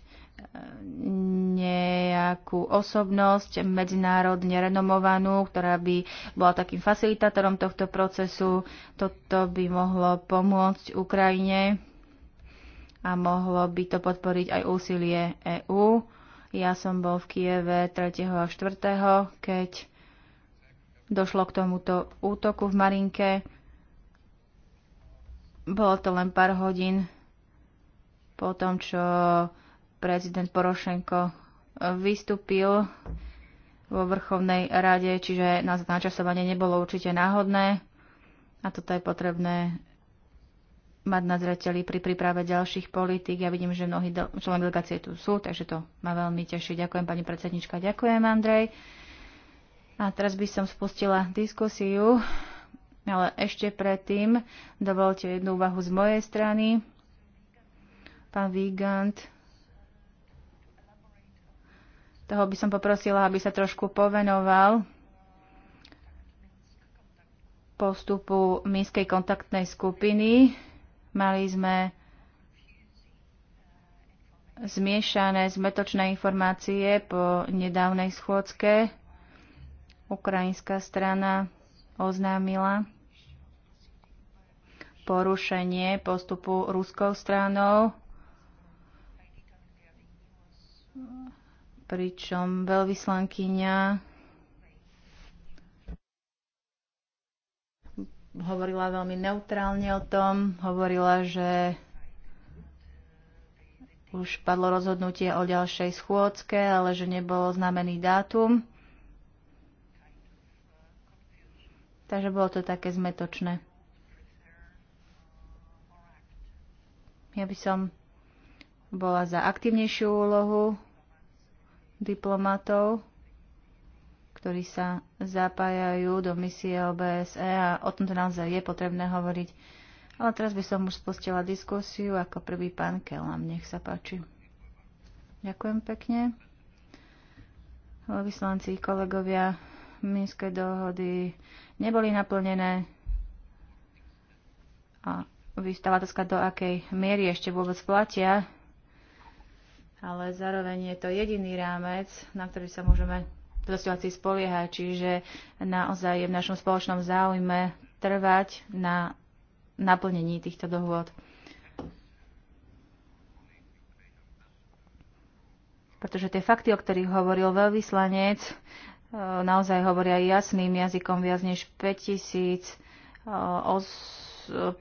nejakú osobnosť medzinárodne renomovanú, ktorá by bola takým facilitátorom tohto procesu. Toto by mohlo pomôcť Ukrajine a mohlo by to podporiť aj úsilie EÚ. Ja som bol v Kieve 3. a 4., keď došlo k tomuto útoku v Marinke. Bolo to len pár hodín po tom, čo prezident Porošenko vystúpil vo Vrchovnej rade, čiže na načasovanie nebolo určite náhodné a toto je potrebné mať na zreteli pri príprave ďalších politík. Ja vidím, že mnohí členov delegácie tu sú, takže to ma veľmi teší. Ďakujem pani predsednička, ďakujem Andrej. A teraz by som spustila diskusiu, ale ešte predtým dovolte jednu úvahu z mojej strany. Pán Vigant, toho by som poprosila, aby sa trošku povenoval postupu Mínskej kontaktnej skupiny. Mali sme zmiešané zmetočné informácie po nedávnej schôdzke Ukrajinská strana oznámila porušenie postupu ruskou stranou, pričom veľvyslankyňa hovorila veľmi neutrálne o tom, hovorila, že už padlo rozhodnutie o ďalšej schôdzke, ale že nebol oznámený dátum. Takže bolo to také zmetočné. Ja by som bola za aktívnejšiu úlohu diplomatov, ktorí sa zapájajú do misie OBSE a o tomto naozaj je potrebné hovoriť. Ale teraz by som už spustila diskusiu ako prvý pán Kelam. Nech sa páči. Ďakujem pekne. Vyslanci, kolegovia, Minské dohody neboli naplnené a vystáva otázka, do akej miery ešte vôbec platia, ale zároveň je to jediný rámec, na ktorý sa môžeme dosťovací spoliehať, čiže naozaj je v našom spoločnom záujme trvať na naplnení týchto dohôd. Pretože tie fakty, o ktorých hovoril veľvyslanec, Eh, naozaj hovoria jasným jazykom viac než 5000 eh,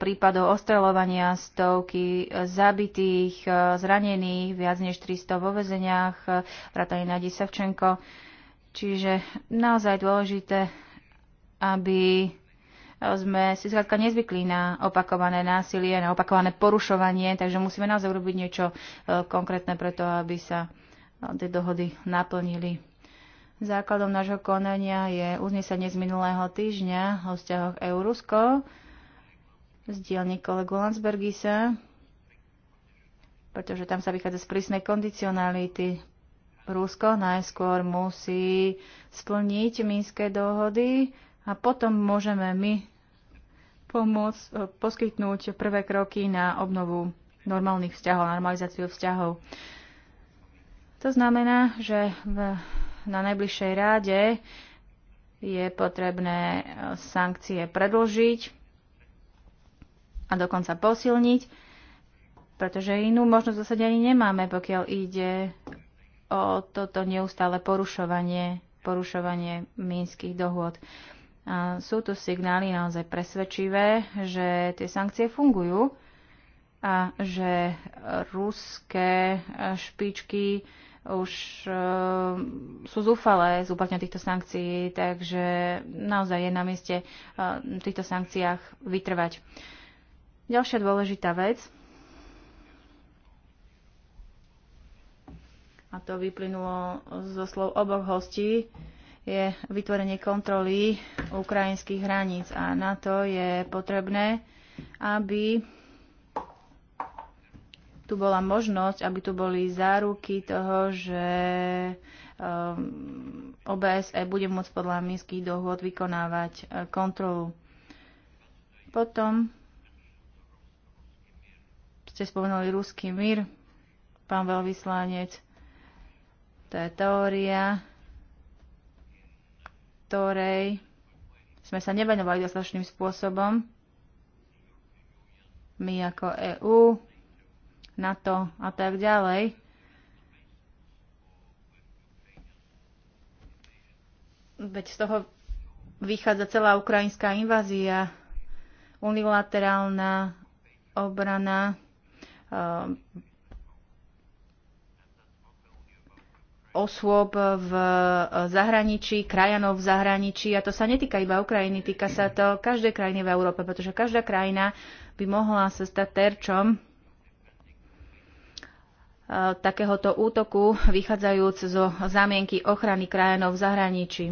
prípadov ostreľovania, stovky eh, zabitých, zranených, viac než 300 vo vezeniach, vrátane Nadi Savčenko. Čiže naozaj dôležité, aby sme si zkrátka nezvykli na opakované násilie, na opakované porušovanie, takže musíme naozaj urobiť niečo konkrétne preto, aby sa tie dohody naplnili. Základom nášho konania je uznesenie z minulého týždňa o vzťahoch Eurusko z dielne kolegu Landsbergisa, pretože tam sa vychádza z prísnej kondicionality. Rusko najskôr musí splniť mínske dohody a potom môžeme my pomôcť poskytnúť prvé kroky na obnovu normálnych vzťahov, normalizáciu vzťahov. To znamená, že v na najbližšej ráde je potrebné e, sankcie predlžiť a dokonca posilniť, pretože inú možnosť zase ani nemáme, pokiaľ ide o toto neustále porušovanie, porušovanie mínskych dohôd. A sú tu signály naozaj presvedčivé, že tie sankcie fungujú a že ruské e, špičky už uh, sú zúfalé z uplatňa týchto sankcií, takže naozaj je na mieste uh, v týchto sankciách vytrvať. Ďalšia dôležitá vec, a to vyplynulo zo slov oboch hostí, je vytvorenie kontroly ukrajinských hraníc a na to je potrebné, aby tu bola možnosť, aby tu boli záruky toho, že um, OBSE bude môcť podľa minských dohôd vykonávať e, kontrolu. Potom ste spomenuli ruský mír, pán veľvyslanec. To je teória, ktorej sme sa nevenovali dostatočným spôsobom. My ako EÚ na to a tak ďalej. Veď z toho vychádza celá ukrajinská invázia, unilaterálna obrana, eh, osôb v zahraničí, krajanov v zahraničí. A to sa netýka iba Ukrajiny, týka sa to každej krajiny v Európe, pretože každá krajina by mohla sa stať terčom E, takéhoto útoku vychádzajúc zo zamienky ochrany krajinov v zahraničí.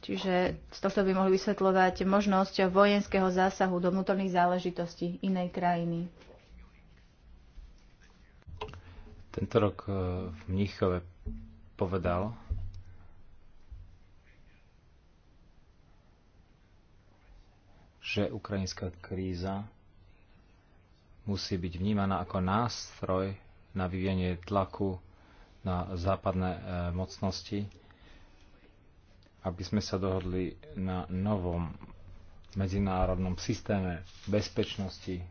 Čiže z tohto by mohli vysvetľovať možnosť vojenského zásahu do vnútorných záležitostí inej krajiny. Tento rok e, v Mníchove povedal, že ukrajinská kríza musí byť vnímaná ako nástroj na vyvienie tlaku na západné e, mocnosti, aby sme sa dohodli na novom medzinárodnom systéme bezpečnosti.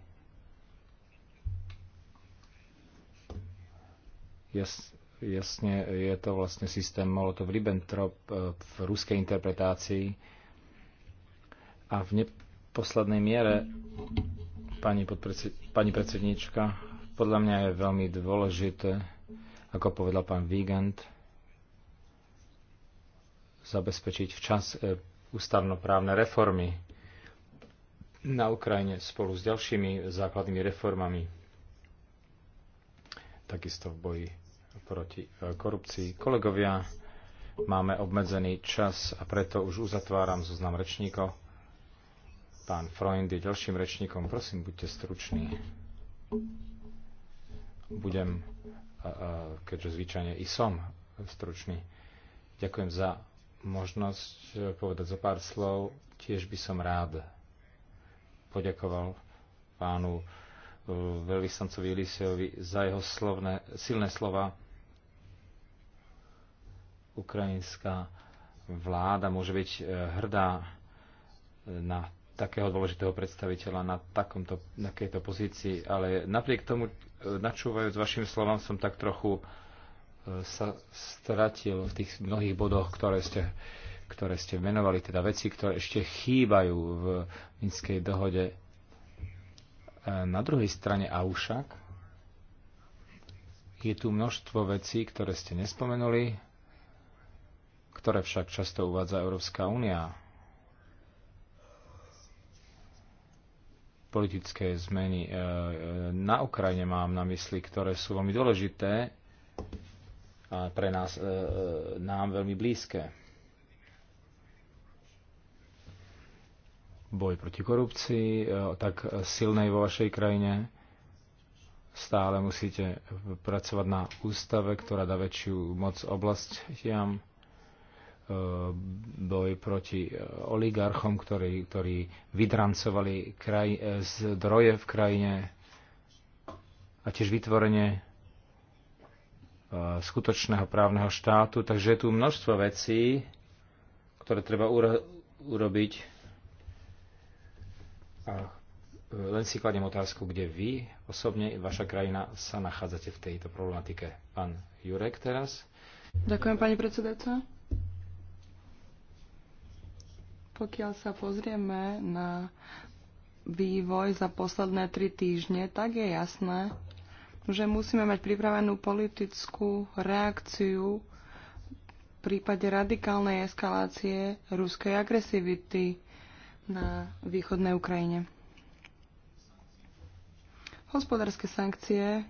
Jas, jasne je to vlastne systém Molotov-Ribbentrop e, v ruskej interpretácii a v ne, poslednej miere, pani, pani predsedníčka, podľa mňa je veľmi dôležité, ako povedal pán Vigand, zabezpečiť včas e, ústavnoprávne reformy na Ukrajine spolu s ďalšími základnými reformami, takisto v boji proti e, korupcii. Kolegovia, máme obmedzený čas a preto už uzatváram zoznam rečníkov. Pán Freund je ďalším rečníkom. Prosím, buďte struční. Budem, keďže zvyčajne i som stručný. Ďakujem za možnosť e, povedať zo pár slov. Tiež by som rád poďakoval pánu e, veľvyslancovi Ilisejovi za jeho slovné, silné slova. Ukrajinská vláda môže byť e, hrdá na takého dôležitého predstaviteľa na takomto, na takejto pozícii, ale napriek tomu, e, načúvajúc vašim slovám, som tak trochu e, sa stratil v tých mnohých bodoch, ktoré ste, ktoré ste menovali, teda veci, ktoré ešte chýbajú v Minskej dohode. E, na druhej strane Aušak je tu množstvo vecí, ktoré ste nespomenuli, ktoré však často uvádza Európska únia politické zmeny e, e, na Ukrajine mám na mysli, ktoré sú veľmi dôležité a pre nás, e, nám veľmi blízke. Boj proti korupcii, tak silnej vo vašej krajine, stále musíte pracovať na ústave, ktorá dá väčšiu moc oblastiam boj proti e, oligarchom, ktorí, ktorí vydrancovali kraj, e, zdroje v krajine a tiež vytvorenie e, skutočného právneho štátu. Takže je tu množstvo vecí, ktoré treba urobiť. A len si kladem otázku, kde vy osobne, vaša krajina sa nachádzate v tejto problematike. Pán Jurek teraz. Ďakujem, pani predsedajca. Pokiaľ sa pozrieme na vývoj za posledné tri týždne, tak je jasné, že musíme mať pripravenú politickú reakciu v prípade radikálnej eskalácie ruskej agresivity na východnej Ukrajine. Hospodárske sankcie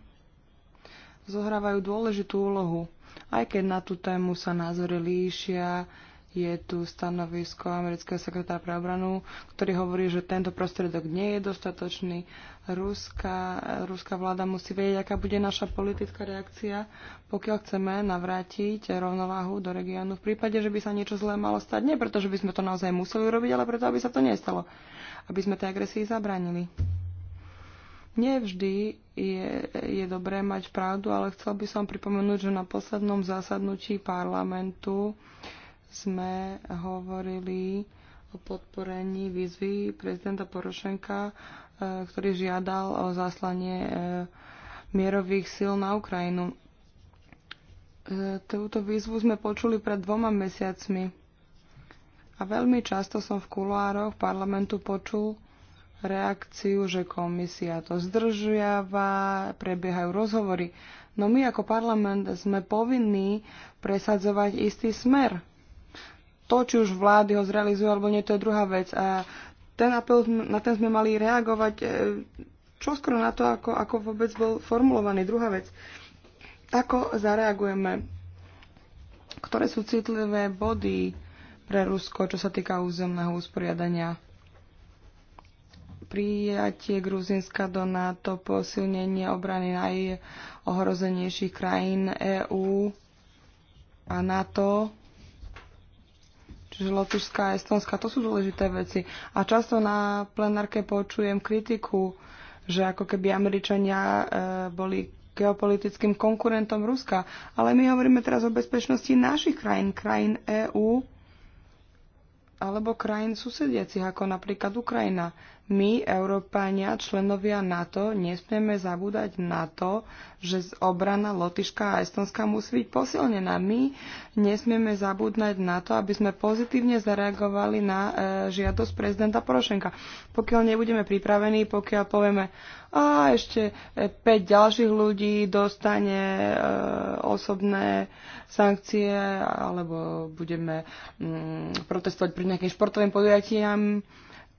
zohrávajú dôležitú úlohu, aj keď na tú tému sa názory líšia, je tu stanovisko amerického sekretára pre obranu, ktorý hovorí, že tento prostriedok nie je dostatočný. Ruská, ruská vláda musí vedieť, aká bude naša politická reakcia, pokiaľ chceme navrátiť rovnováhu do regiónu. V prípade, že by sa niečo zlé malo stať, nie preto, že by sme to naozaj museli robiť, ale preto, aby sa to nestalo. Aby sme tej agresii zabránili. Nevždy je, je dobré mať pravdu, ale chcel by som pripomenúť, že na poslednom zasadnutí parlamentu uh, sme hovorili o podporení výzvy prezidenta Porošenka, e, ktorý žiadal o zaslanie e, mierových síl na Ukrajinu. E, túto výzvu sme počuli pred dvoma mesiacmi a veľmi často som v kuloároch parlamentu počul reakciu, že komisia to zdržiava, prebiehajú rozhovory. No my ako parlament sme povinní presadzovať istý smer to, či už vlády ho zrealizujú alebo nie, to je druhá vec. A ten apel, na ten sme mali reagovať e, čo skoro na to, ako, ako vôbec bol formulovaný. Druhá vec, ako zareagujeme, ktoré sú citlivé body pre Rusko, čo sa týka územného usporiadania prijatie Gruzinska do NATO, posilnenie obrany najohrozenejších krajín EÚ a NATO čiže Lotyšská a Estonská, to sú dôležité veci. A často na plenárke počujem kritiku, že ako keby Američania e, boli geopolitickým konkurentom Ruska. Ale my hovoríme teraz o bezpečnosti našich krajín, krajín EÚ alebo krajín susediacich, ako napríklad Ukrajina. My, Európania, členovia NATO, nesmieme zabúdať na to, že obrana Lotyška a Estonska musí byť posilnená. My nesmieme zabúdať na to, aby sme pozitívne zareagovali na e, žiadosť prezidenta Porošenka. Pokiaľ nebudeme pripravení, pokiaľ povieme, a ešte 5 e, ďalších ľudí dostane e, osobné sankcie, alebo budeme mm, protestovať pri nejakým športovým podujatiam,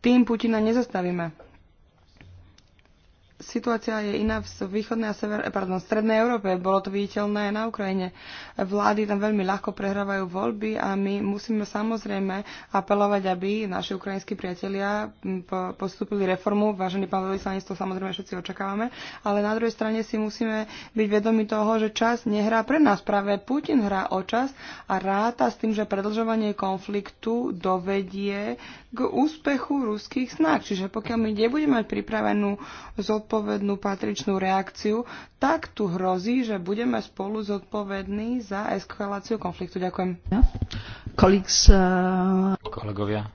tým Putina nezastavíme situácia je iná v východnej a sever, eh, pardon, strednej Európe. Bolo to viditeľné aj na Ukrajine. Vlády tam veľmi ľahko prehrávajú voľby a my musíme samozrejme apelovať, aby naši ukrajinskí priatelia postúpili reformu. Vážený pán veľvyslanec, to samozrejme všetci očakávame. Ale na druhej strane si musíme byť vedomi toho, že čas nehrá pre nás. Práve Putin hrá o čas a ráta s tým, že predlžovanie konfliktu dovedie k úspechu ruských snách. Čiže pokiaľ my nebudeme mať pripravenú zodpovednosť, zodpovednú patričnú reakciu, tak tu hrozí, že budeme spolu zodpovední za eskaláciu konfliktu. Ďakujem. Eh, Kolegovia,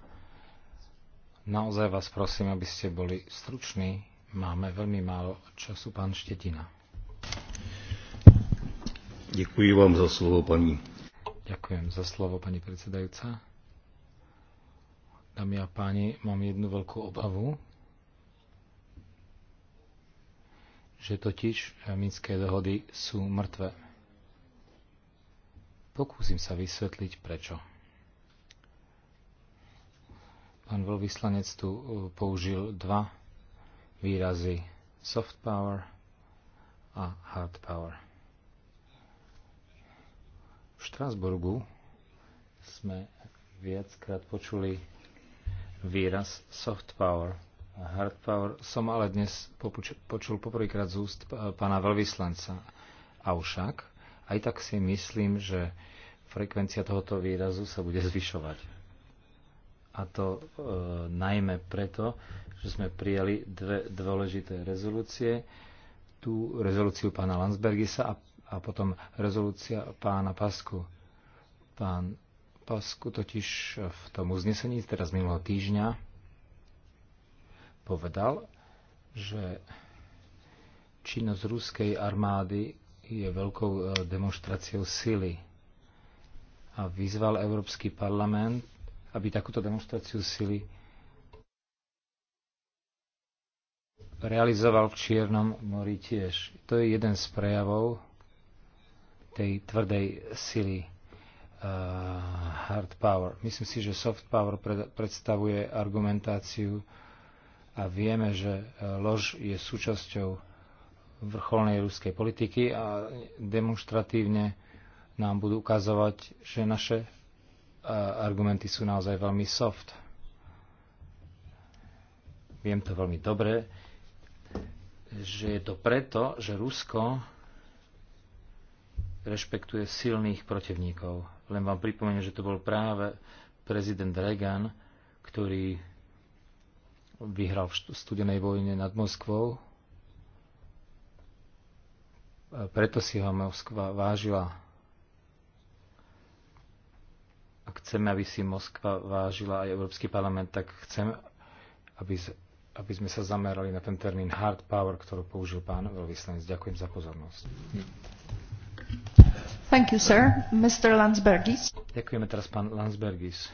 naozaj vás prosím, aby ste boli struční. Máme veľmi málo času, pán Štetina. Ďakujem vám za slovo, pani. Ďakujem za slovo, pani predsedajúca. Dámy a páni, mám jednu veľkú obavu, že totiž minské dohody sú mŕtve. Pokúsim sa vysvetliť prečo. Pán veľvyslanec tu e, použil dva výrazy soft power a hard power. V Štrásburgu sme viackrát počuli výraz soft power – Hard Power som ale dnes počul poprvýkrát z úst pána veľvyslanca. Avšak aj tak si myslím, že frekvencia tohoto výrazu sa bude zvyšovať. A to e, najmä preto, že sme prijali dve dôležité rezolúcie. Tú rezolúciu pána Landsbergisa a, a potom rezolúcia pána Pasku. Pán Pasku totiž v tom uznesení teraz minulého týždňa povedal, že činnosť ruskej armády je veľkou e, demonstráciou sily a vyzval Európsky parlament, aby takúto demonstráciu sily realizoval v Čiernom mori tiež. To je jeden z prejavov tej tvrdej sily uh, hard power. Myslím si, že soft power predstavuje argumentáciu a vieme, že e, lož je súčasťou vrcholnej ruskej politiky a demonstratívne nám budú ukazovať, že naše e, argumenty sú naozaj veľmi soft. Viem to veľmi dobre, že je to preto, že Rusko rešpektuje silných protivníkov. Len vám pripomeniem, že to bol práve prezident Reagan, ktorý vyhral v studenej vojne nad Moskvou. E, preto si ho Moskva vážila. Ak chceme, aby si Moskva vážila aj Európsky parlament, tak chcem, aby, aby sme sa zamerali na ten termín hard power, ktorú použil pán veľvyslanec. Ďakujem za pozornosť. Thank you, sir. Mr. Landsbergis. Ďakujeme teraz pán Landsbergis.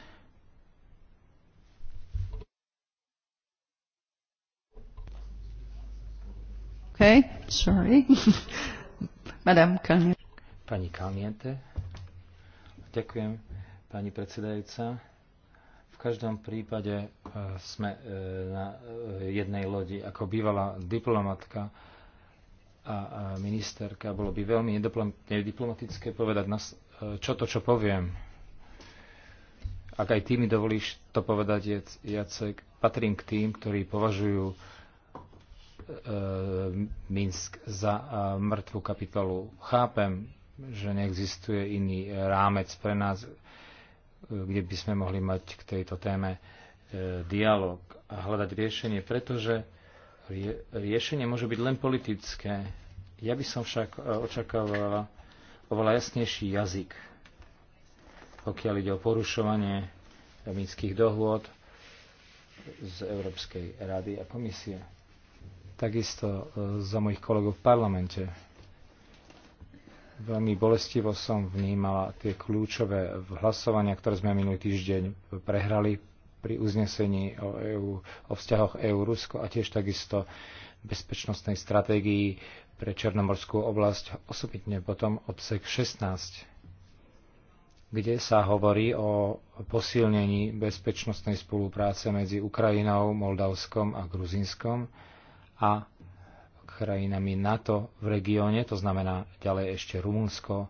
Okay, sorry. Madame Kalniete. Pani Kalniete. Ďakujem, pani predsedajúca. V každom prípade e, sme e, na e, jednej lodi. Ako bývalá diplomatka a ministerka, bolo by veľmi nediplomatické povedať, nás, čo to, čo poviem. Ak aj ty mi dovolíš to povedať, Jacek, patrím k tým, ktorí považujú E, Minsk za e, mŕtvu kapitolu. Chápem, že neexistuje iný rámec pre nás, e, kde by sme mohli mať k tejto téme dialog a hľadať riešenie, pretože riešenie môže byť len politické. Ja by som však očakávala oveľa jasnejší jazyk, pokiaľ ide o porušovanie minských dohôd z Európskej rady a komisie takisto e, za mojich kolegov v parlamente. Veľmi bolestivo som vnímala tie kľúčové hlasovania, ktoré sme minulý týždeň prehrali pri uznesení o, EU, o vzťahoch EU-Rusko a tiež takisto bezpečnostnej stratégii pre Černomorskú oblasť, osobitne potom odsek 16, kde sa hovorí o posilnení bezpečnostnej spolupráce medzi Ukrajinou, Moldavskom a Gruzinskom a krajinami NATO v regióne, to znamená ďalej ešte Rumunsko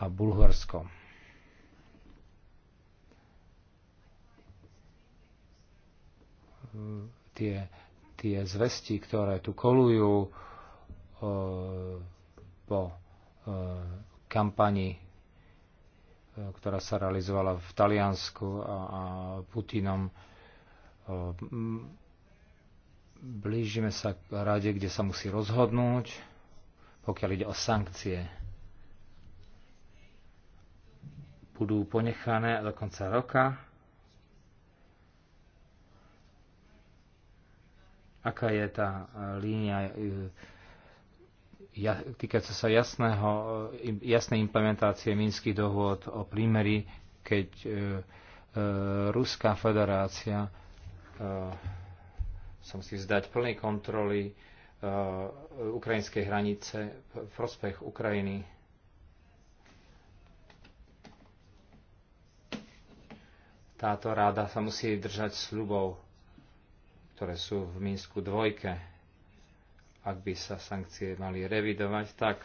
a Bulharsko. Tie, tie zvesti, ktoré tu kolujú e, po e, kampani, e, ktorá sa realizovala v Taliansku a, a Putinom, e, Blížime sa k rade, kde sa musí rozhodnúť, pokiaľ ide o sankcie. Budú ponechané do konca roka. Aká je tá eh, línia eh, ja, týkajúca sa jasného, eh, jasnej implementácie Minských dohôd o prímeri, keď e, e, Ruská federácia e, sa musí vzdať plnej kontroly eh, ukrajinskej hranice v prospech Ukrajiny. Táto ráda sa musí držať sľubov, ktoré sú v Minsku dvojke. Ak by sa sankcie mali revidovať, tak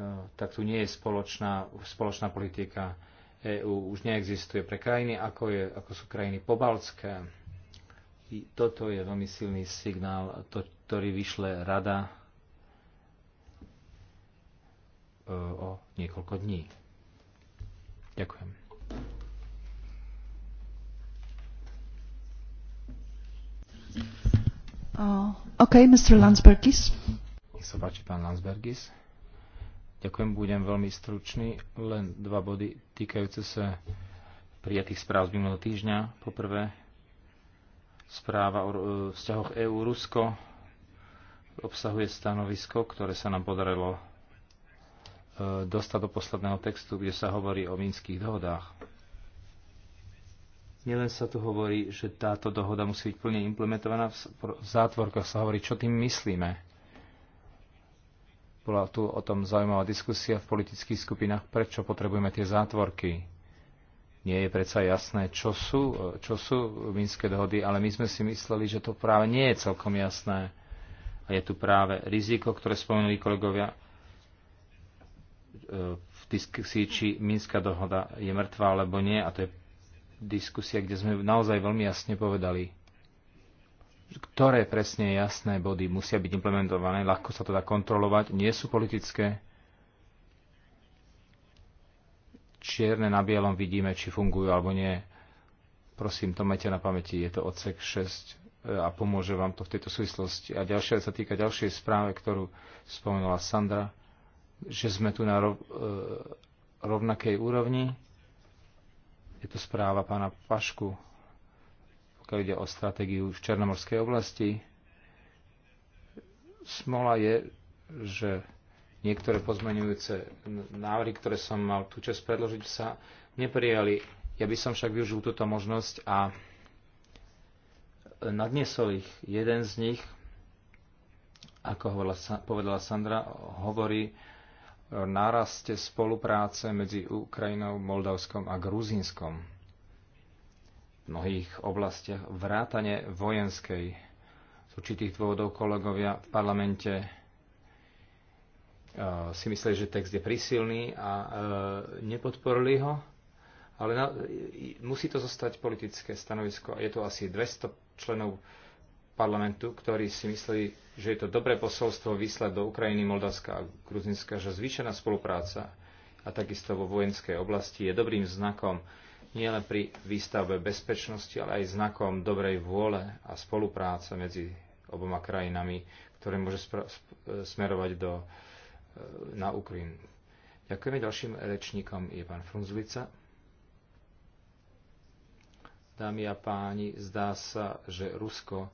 eh, tak tu nie je spoločná, spoločná politika EÚ už neexistuje pre krajiny, ako, je, ako sú krajiny pobaltské. I toto je veľmi silný signál, to, ktorý vyšle rada e, o niekoľko dní. Ďakujem. Uh, OK, Mr. Landsbergis. Nech sa páči, pán Landsbergis. Ďakujem, budem veľmi stručný. Len dva body týkajúce sa prijatých správ z minulého týždňa. Poprvé, správa o e, vzťahoch EU-Rusko obsahuje stanovisko, ktoré sa nám podarilo e, dostať do posledného textu, kde sa hovorí o mínskych dohodách. Nielen sa tu hovorí, že táto dohoda musí byť plne implementovaná, v zátvorkách sa hovorí, čo tým myslíme. Bola tu o tom zaujímavá diskusia v politických skupinách, prečo potrebujeme tie zátvorky. Nie je predsa jasné, čo sú, čo sú minské dohody, ale my sme si mysleli, že to práve nie je celkom jasné. A je tu práve riziko, ktoré spomenuli kolegovia e, v diskusii, či Minská dohoda je mŕtva alebo nie. A to je diskusia, kde sme naozaj veľmi jasne povedali, ktoré presne jasné body musia byť implementované, ľahko sa to dá kontrolovať, nie sú politické. Čierne na bielom vidíme, či fungujú alebo nie. Prosím, to majte na pamäti, je to odsek 6 e, a pomôže vám to v tejto súvislosti. A ďalšia sa týka ďalšej správe, ktorú spomenula Sandra, že sme tu na rov, e, rovnakej úrovni. Je to správa pána Pašku pokiaľ ide o stratégiu v Černomorskej oblasti. Smola je, že niektoré pozmenujúce návrhy, ktoré som mal tú čas predložiť, sa neprijali. Ja by som však využil túto možnosť a nadnesol ich. Jeden z nich, ako hovorila, povedala Sandra, hovorí o náraste spolupráce medzi Ukrajinou, Moldavskom a Gruzínskom mnohých oblastiach, vrátane vojenskej. Z určitých dôvodov kolegovia v parlamente e, si mysleli, že text je prísilný a e, nepodporili ho, ale na, musí to zostať politické stanovisko. Je to asi 200 členov parlamentu, ktorí si mysleli, že je to dobré posolstvo vyslať do Ukrajiny, Moldavska a Gruzinska, že zvýšená spolupráca a takisto vo vojenskej oblasti je dobrým znakom nielen pri výstavbe bezpečnosti, ale aj znakom dobrej vôle a spolupráce medzi oboma krajinami, ktoré môže smerovať do, e, na Ukrajinu. Ďakujeme ďalším rečníkom, je pán Frunzlica. Dámy a páni, zdá sa, že Rusko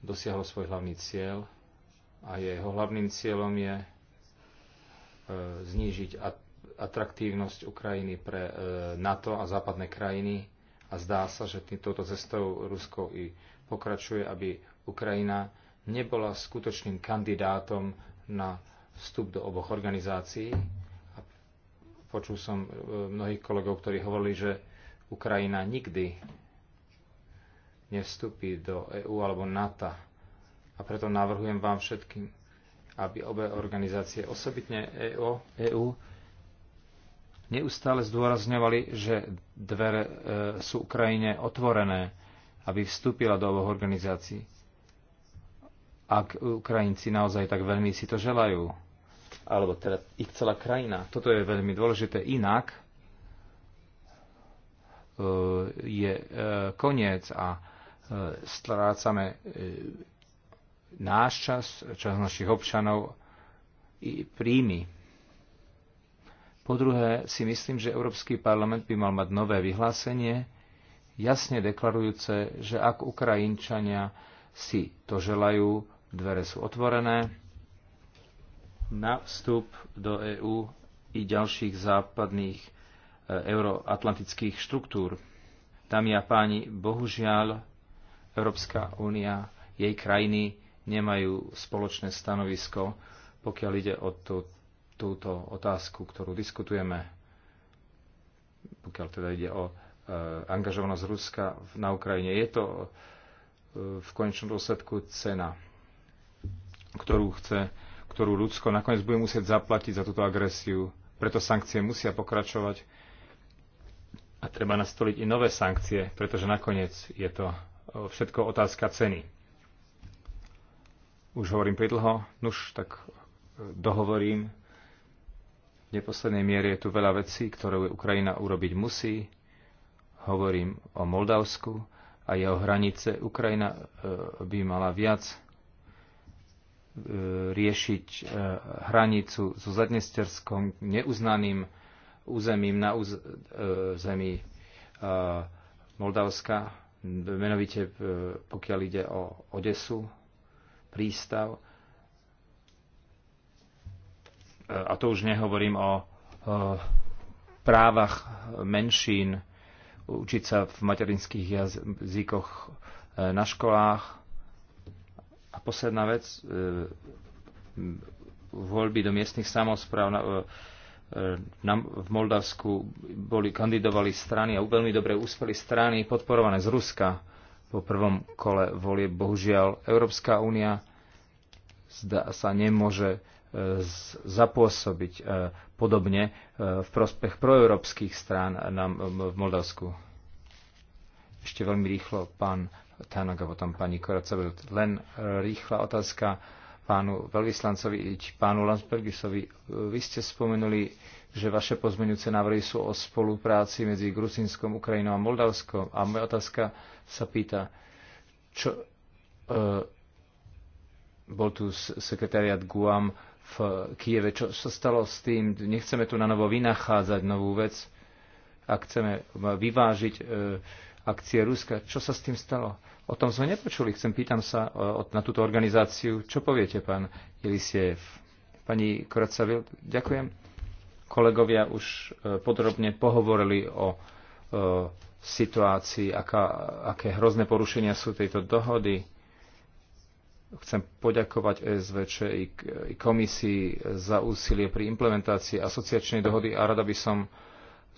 dosiahlo svoj hlavný cieľ a jeho hlavným cieľom je e, znížiť atraktívnosť Ukrajiny pre e, NATO a západné krajiny a zdá sa, že touto cestou Rusko i pokračuje, aby Ukrajina nebola skutočným kandidátom na vstup do oboch organizácií. A počul som e, mnohých kolegov, ktorí hovorili, že Ukrajina nikdy nevstúpi do EÚ alebo NATO. A preto navrhujem vám všetkým, aby obe organizácie, osobitne EÚ, neustále zdôrazňovali, že dvere e, sú Ukrajine otvorené, aby vstúpila do oboch organizácií. Ak Ukrajinci naozaj tak veľmi si to želajú, alebo teda ich celá krajina, toto je veľmi dôležité. Inak e, je e, koniec a strácame náš čas, čas našich občanov i príjmy po druhé si myslím, že Európsky parlament by mal mať nové vyhlásenie, jasne deklarujúce, že ak Ukrajinčania si to želajú, dvere sú otvorené na vstup do EÚ i ďalších západných e, euroatlantických štruktúr. Dámy a páni, bohužiaľ Európska únia, jej krajiny nemajú spoločné stanovisko, pokiaľ ide o tú túto otázku, ktorú diskutujeme, pokiaľ teda ide o e, angažovanosť Ruska na Ukrajine. Je to e, v konečnom dôsledku cena, ktorú chce, ktorú Rusko nakoniec bude musieť zaplatiť za túto agresiu. Preto sankcie musia pokračovať a treba nastoliť i nové sankcie, pretože nakoniec je to e, všetko otázka ceny. Už hovorím pridlho, nuž, tak dohovorím neposlednej miere je tu veľa vecí, ktoré Ukrajina urobiť musí. Hovorím o Moldavsku a jeho hranice. Ukrajina e, by mala viac e, riešiť e, hranicu so zadnesterskom neuznaným územím na území Moldavska, menovite pokiaľ ide o Odesu, prístav a to už nehovorím o právach menšín, učiť sa v materinských jazykoch e, na školách. A posledná vec, e, voľby do miestnych samozpráv e, v Moldavsku boli, kandidovali strany a veľmi dobre úspeli strany podporované z Ruska po prvom kole volie. Bohužiaľ, Európska únia sa nemôže zapôsobiť e, podobne e, v prospech proeurópskych strán e, v Moldavsku. Ešte veľmi rýchlo pán Tanok a potom pani Koracovil. Len rýchla otázka pánu veľvyslancovi, pánu Landsbergisovi. Vy ste spomenuli, že vaše pozmeňujúce návrhy sú o spolupráci medzi Gruzinskom, Ukrajinou a Moldavskom. A moja otázka sa pýta, čo, e, bol tu sekretariat Guam, v Kieve. Čo sa stalo s tým? Nechceme tu na novo vynachádzať novú vec, ak chceme vyvážiť e, akcie Ruska. Čo sa s tým stalo? O tom sme nepočuli. Chcem, pýtam sa e, o, na túto organizáciu. Čo poviete, pán Jelisiev? Pani Koracavil, ďakujem. Kolegovia už e, podrobne pohovorili o e, situácii, aká, aké hrozné porušenia sú tejto dohody Chcem poďakovať ESVČ i komisii za úsilie pri implementácii asociačnej dohody a rada by som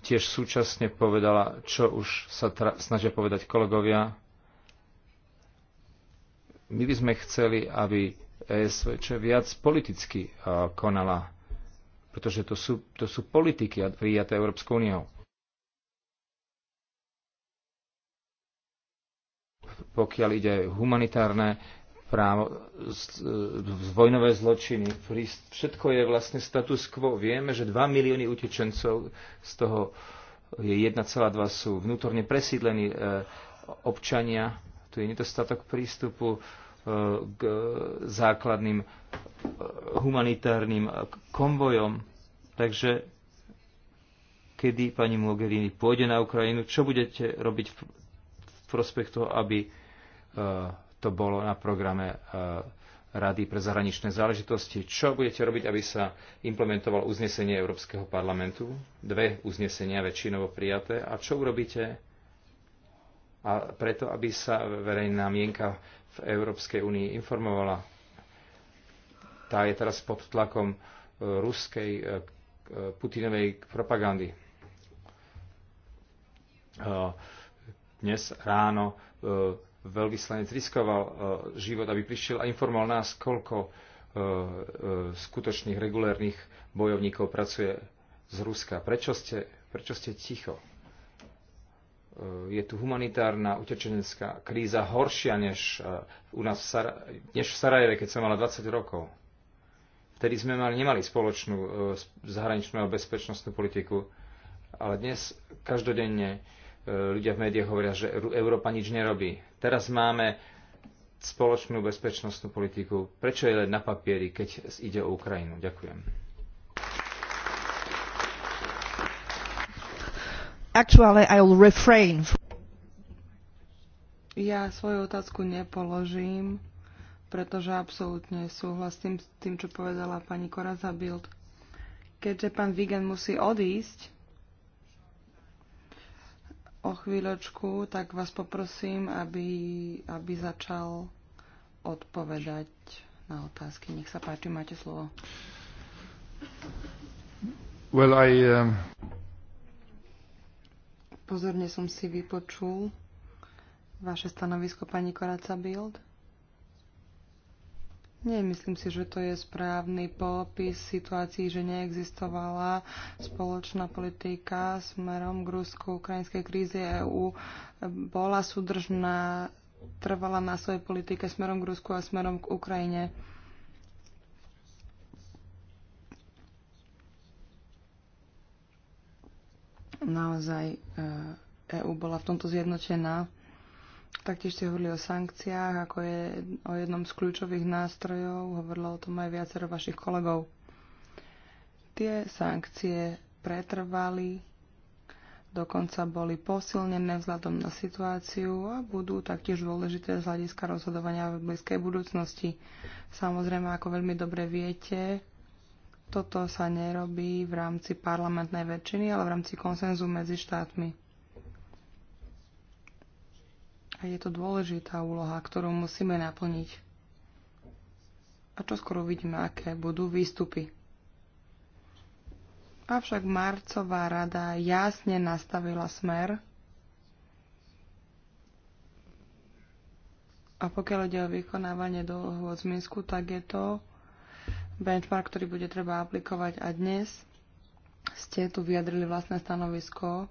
tiež súčasne povedala, čo už sa snažia povedať kolegovia. My by sme chceli, aby ESVČ viac politicky konala, pretože to sú, to sú politiky prijaté Európskou úniou. pokiaľ ide humanitárne právo, e, z vojnové zločiny, všetko je vlastne status quo. Vieme, že 2 milióny utečencov, z toho je 1,2 sú vnútorne presídlení e, občania, tu je nedostatok prístupu e, k základným humanitárnym konvojom. Takže kedy pani Mogherini pôjde na Ukrajinu, čo budete robiť v prospech toho, aby to bolo na programe e, Rady pre zahraničné záležitosti. Čo budete robiť, aby sa implementovalo uznesenie Európskeho parlamentu? Dve uznesenia väčšinovo prijaté. A čo urobíte a preto, aby sa verejná mienka v Európskej únii informovala? Tá je teraz pod tlakom e, ruskej e, Putinovej propagandy. Dnes ráno veľvyslanec riskoval e, život, aby prišiel a informoval nás, koľko e, e, skutočných regulérnych bojovníkov pracuje z Ruska. Prečo ste, prečo ste ticho? Je tu humanitárna utečenecká kríza horšia než, u nás v Sar- než v Sarajeve, keď som mala 20 rokov. Vtedy sme mali, nemali spoločnú zahraničnú a bezpečnostnú politiku, ale dnes každodenne uh, E, ľudia v médiách hovoria, že Európa nič nerobí. Teraz máme spoločnú bezpečnostnú politiku. Prečo je len na papieri, keď ide o Ukrajinu? Ďakujem. Actually, I'll refrain. Ja svoju otázku nepoložím, pretože absolútne súhlasím s tým, čo povedala pani Koraza Bild. Keďže pán Vigan musí odísť, o chvíľočku, tak vás poprosím, aby, aby začal odpovedať na otázky. Nech sa páči, máte slovo. Well, I, um... Pozorne som si vypočul vaše stanovisko, pani Koraca Bild. Nemyslím si, že to je správny popis situácií, že neexistovala spoločná politika smerom k rusko-ukrajinskej kríze EÚ. Bola súdržná, trvala na svojej politike smerom k Rusku a smerom k Ukrajine. Naozaj EÚ e bola v tomto zjednotená. Taktiež ste hovorili o sankciách, ako je o jednom z kľúčových nástrojov, hovorilo o tom aj viacero vašich kolegov. Tie sankcie pretrvali, dokonca boli posilnené vzhľadom na situáciu a budú taktiež dôležité z hľadiska rozhodovania v blízkej budúcnosti. Samozrejme, ako veľmi dobre viete, toto sa nerobí v rámci parlamentnej väčšiny, ale v rámci konsenzu medzi štátmi. A je to dôležitá úloha, ktorú musíme naplniť. A čo skoro uvidíme, aké budú výstupy. Avšak marcová rada jasne nastavila smer a pokiaľ ide o vykonávanie dohôd z Minsku, tak je to benchmark, ktorý bude treba aplikovať a dnes ste tu vyjadrili vlastné stanovisko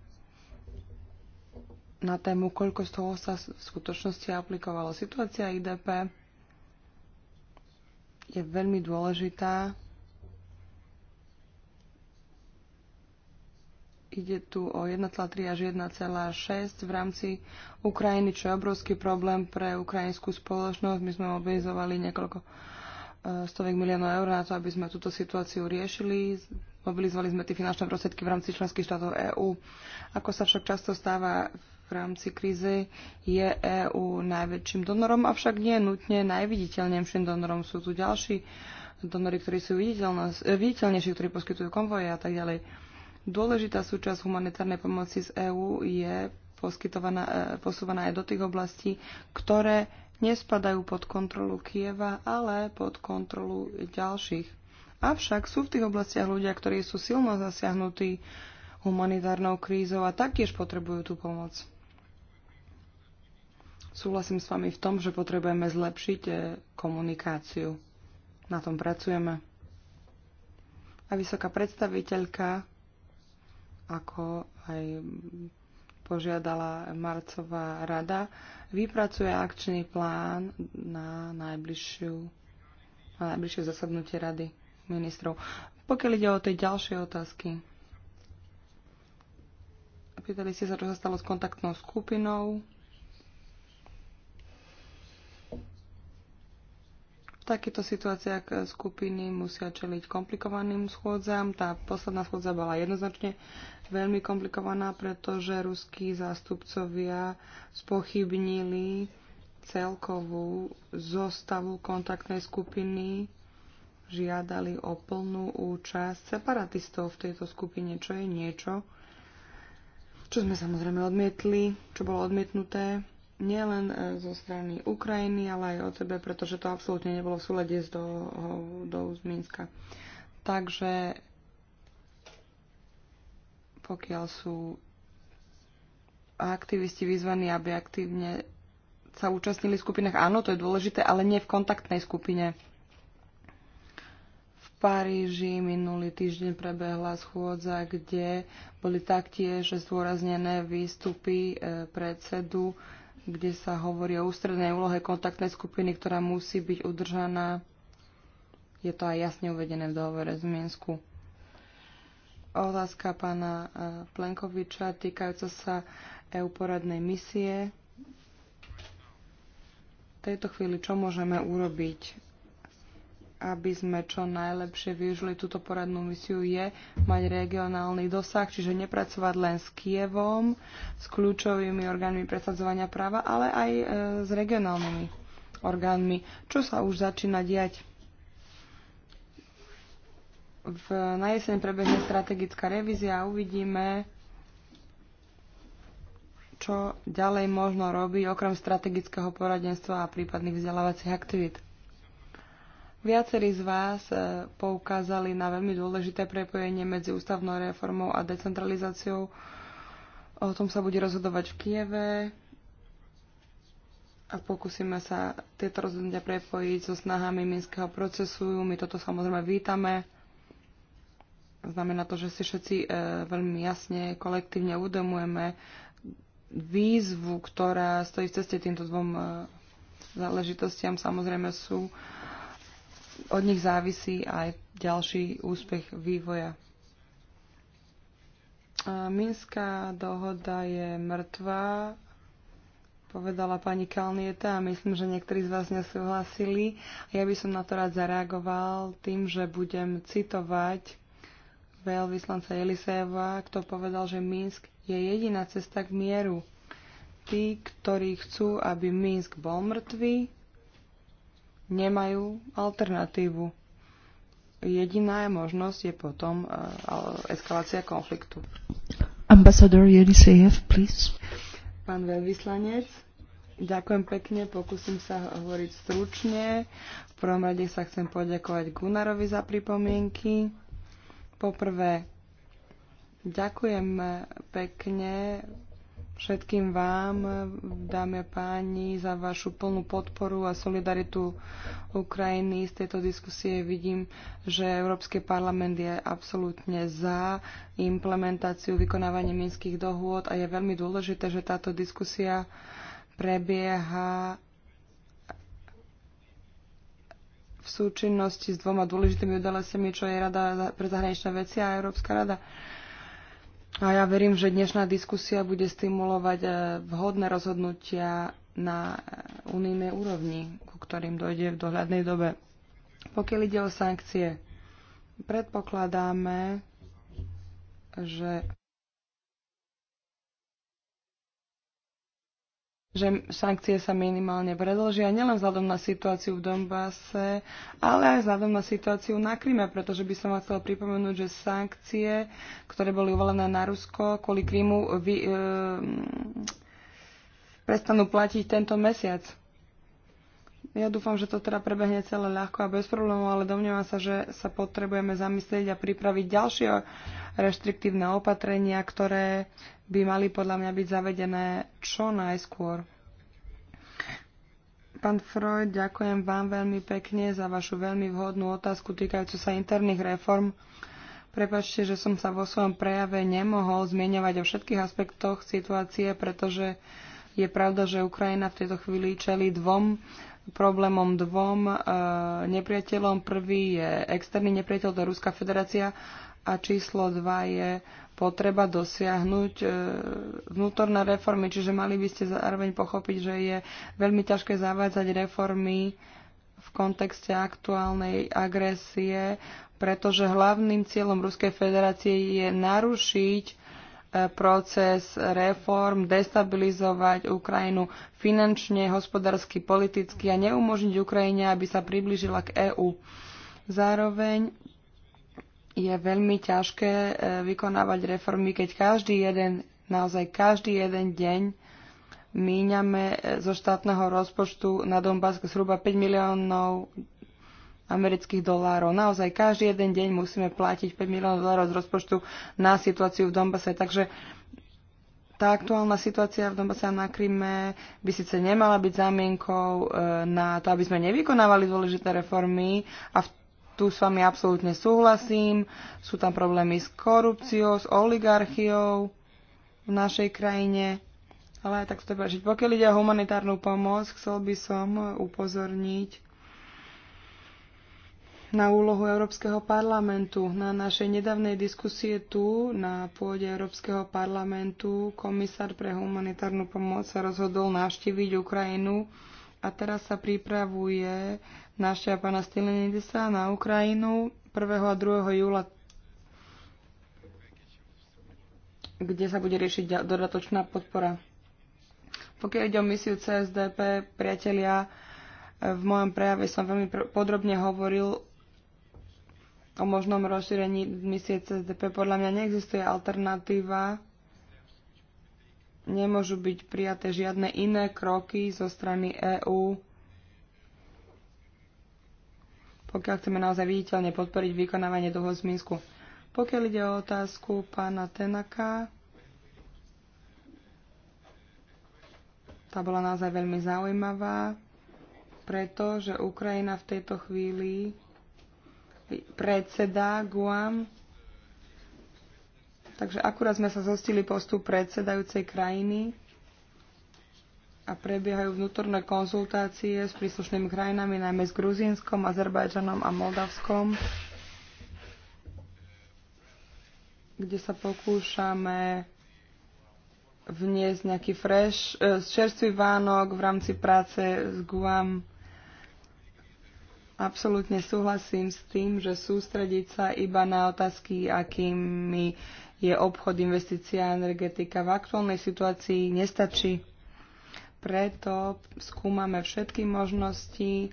na tému, koľko z toho sa v skutočnosti aplikovalo. Situácia IDP je veľmi dôležitá. Ide tu o 1,3 až 1,6 v rámci Ukrajiny, čo je obrovský problém pre ukrajinskú spoločnosť. My sme mobilizovali niekoľko e, stovek miliónov eur na to, aby sme túto situáciu riešili. Mobilizovali sme tie finančné prostriedky v rámci členských štátov EÚ. Ako sa však často stáva v v rámci krízy je EÚ najväčším donorom, avšak nie nutne najviditeľnejším donorom. Sú tu ďalší donory, ktorí sú e, viditeľnejší, ktorí poskytujú konvoje a tak ďalej. Dôležitá súčasť humanitárnej pomoci z EÚ je poskytovaná, e, posúvaná aj do tých oblastí, ktoré nespadajú pod kontrolu Kieva, ale pod kontrolu ďalších. Avšak sú v tých oblastiach ľudia, ktorí sú silno zasiahnutí humanitárnou krízou a taktiež potrebujú tú pomoc. Súhlasím s vami v tom, že potrebujeme zlepšiť eh, komunikáciu. Na tom pracujeme. A vysoká predstaviteľka, ako aj požiadala Marcová rada, vypracuje akčný plán na, najbližšiu, na najbližšie zasadnutie rady ministrov. Pokiaľ ide o tie ďalšie otázky, pýtali ste sa, čo sa stalo s kontaktnou skupinou. takéto situáciách skupiny musia čeliť komplikovaným schôdzam. Tá posledná schôdza bola jednoznačne veľmi komplikovaná, pretože ruskí zástupcovia spochybnili celkovú zostavu kontaktnej skupiny, žiadali o plnú účasť separatistov v tejto skupine, čo je niečo, čo sme samozrejme odmietli, čo bolo odmietnuté nielen e, zo strany Ukrajiny, ale aj od sebe, pretože to absolútne nebolo v súlade s do, do Minska. Takže pokiaľ sú aktivisti vyzvaní, aby aktívne sa účastnili v skupinách, áno, to je dôležité, ale nie v kontaktnej skupine. V Paríži minulý týždeň prebehla schôdza, kde boli taktiež zdôraznené výstupy e, predsedu kde sa hovorí o ústrednej úlohe kontaktnej skupiny, ktorá musí byť udržaná. Je to aj jasne uvedené v dohovore z Minsku. Otázka pána e, Plenkoviča týkajúca sa EU poradnej misie. V tejto chvíli čo môžeme urobiť? aby sme čo najlepšie využili túto poradnú misiu, je mať regionálny dosah, čiže nepracovať len s Kievom, s kľúčovými orgánmi presadzovania práva, ale aj e, s regionálnymi orgánmi, čo sa už začína diať. V, na jeseň prebehne strategická revízia a uvidíme, čo ďalej možno robiť, okrem strategického poradenstva a prípadných vzdelávacích aktivít. Viacerí z vás eh, poukázali na veľmi dôležité prepojenie medzi ústavnou reformou a decentralizáciou. O tom sa bude rozhodovať v Kieve a pokúsime sa tieto rozhodnutia prepojiť so snahami minského procesu. My toto samozrejme vítame. Znamená to, že si všetci e, veľmi jasne, kolektívne udomujeme výzvu, ktorá stojí v ceste týmto dvom e, záležitostiam. Samozrejme sú e, od nich závisí aj ďalší úspech vývoja. Minská dohoda je mŕtva, povedala pani Kalnieta a myslím, že niektorí z vás nesúhlasili. Ja by som na to rád zareagoval tým, že budem citovať veľvyslanca Eliseva, kto povedal, že Minsk je jediná cesta k mieru. Tí, ktorí chcú, aby Minsk bol mŕtvý, nemajú alternatívu. Jediná možnosť je potom e, eskalácia konfliktu. Ambassador Jelisejev, please. Pán veľvyslanec, ďakujem pekne, pokúsim sa hovoriť stručne. V prvom rade sa chcem poďakovať Gunarovi za pripomienky. Poprvé, ďakujem pekne všetkým vám, dámy a páni, za vašu plnú podporu a solidaritu Ukrajiny. Z tejto diskusie vidím, že Európsky parlament je absolútne za implementáciu vykonávania minských dohôd a je veľmi dôležité, že táto diskusia prebieha v súčinnosti s dvoma dôležitými udalosťami, čo je Rada pre zahraničné veci a Európska rada. Uh, a ja verím, že dnešná diskusia bude stimulovať e, vhodné rozhodnutia na e, unijnej úrovni, ku ktorým dojde v dohľadnej dobe. Pokiaľ ide o sankcie, predpokladáme, že že sankcie sa minimálne predlžia nielen vzhľadom na situáciu v Donbase, ale aj vzhľadom na situáciu na Kryme, pretože by som vám chcela pripomenúť, že sankcie, ktoré boli uvalené na Rusko kvôli Krymu, vy, e, prestanú platiť tento mesiac. Ja dúfam, že to teda prebehne celé ľahko a bez problémov, ale domnievam sa, že sa potrebujeme zamyslieť a pripraviť ďalšie reštriktívne opatrenia, ktoré by mali podľa mňa byť zavedené čo najskôr. Pán Freud, ďakujem vám veľmi pekne za vašu veľmi vhodnú otázku týkajúcu sa interných reform. Prepačte, že som sa vo svojom prejave nemohol zmieňovať o všetkých aspektoch situácie, pretože je pravda, že Ukrajina v tejto chvíli čelí dvom problémom, dvom e, nepriateľom. Prvý je externý nepriateľ, to je Ruská federácia a číslo 2 je potreba dosiahnuť e, vnútorné reformy. Čiže mali by ste zároveň pochopiť, že je veľmi ťažké zavádzať reformy v kontexte aktuálnej agresie, pretože hlavným cieľom Ruskej federácie je narušiť e, proces reform, destabilizovať Ukrajinu finančne, hospodársky, politicky a neumožniť Ukrajine, aby sa priblížila k EÚ. Zároveň je veľmi ťažké e, vykonávať reformy, keď každý jeden, naozaj každý jeden deň míňame e, zo štátneho rozpočtu na Donbass zhruba 5 miliónov amerických dolárov. Naozaj každý jeden deň musíme platiť 5 miliónov dolárov z rozpočtu na situáciu v Donbase. Takže tá aktuálna situácia v Donbase a na Kryme by síce nemala byť zámienkou e, na to, aby sme nevykonávali dôležité reformy a v tu s vami absolútne súhlasím. Sú tam problémy s korupciou, s oligarchiou v našej krajine. Ale aj tak to prežiť. Pokiaľ ide o humanitárnu pomoc, chcel by som upozorniť na úlohu Európskeho parlamentu. Na našej nedávnej diskusie tu, na pôde Európskeho parlamentu, komisár pre humanitárnu pomoc sa rozhodol navštíviť Ukrajinu a teraz sa pripravuje návšteva pána Stylenidisa na Ukrajinu 1. a 2. júla, kde sa bude riešiť dodatočná podpora. Pokiaľ ide o misiu CSDP, priatelia, e, v mojom prejave som veľmi podrobne hovoril o možnom rozšírení misie CSDP. Podľa mňa neexistuje alternatíva. Nemôžu byť prijaté žiadne iné kroky zo strany EÚ pokiaľ chceme naozaj viditeľne podporiť vykonávanie dohod z Minsku. Pokiaľ ide o otázku pána Tenaka, tá bola naozaj veľmi zaujímavá, pretože Ukrajina v tejto chvíli predseda Guam. Takže akurát sme sa zostili postup predsedajúcej krajiny a prebiehajú vnútorné konzultácie s príslušnými krajinami, najmä s Gruzínskom, Azerbajdžanom a Moldavskom, kde sa pokúšame vniesť nejaký fresh, e, čerstvý vánok v rámci práce s Guam. Absolútne súhlasím s tým, že sústrediť sa iba na otázky, akými je obchod, investícia, energetika v aktuálnej situácii nestačí. Preto skúmame všetky možnosti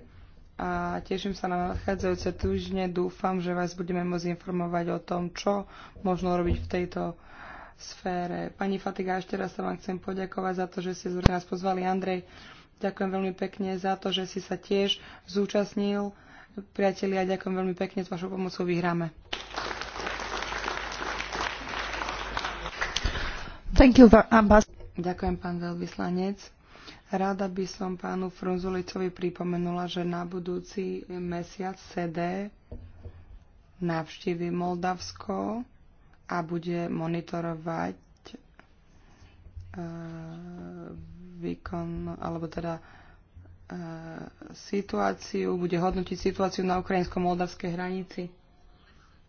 a teším sa na nadchádzajúce týždne. Dúfam, že vás budeme môcť informovať o tom, čo možno robiť v tejto sfére. Pani Fatiga, ešte raz sa vám chcem poďakovať za to, že ste nás pozvali. Andrej, ďakujem veľmi pekne za to, že si sa tiež zúčastnil. Priatelia, ďakujem veľmi pekne, s vašou pomocou vyhráme. Thank you, Ďakujem, pán veľvyslanec. Rada by som pánu Frunzulicovi pripomenula, že na budúci mesiac CD navštívi Moldavsko a bude monitorovať e, výkon, alebo teda e, situáciu, bude hodnotiť situáciu na ukrajinsko-moldavskej hranici.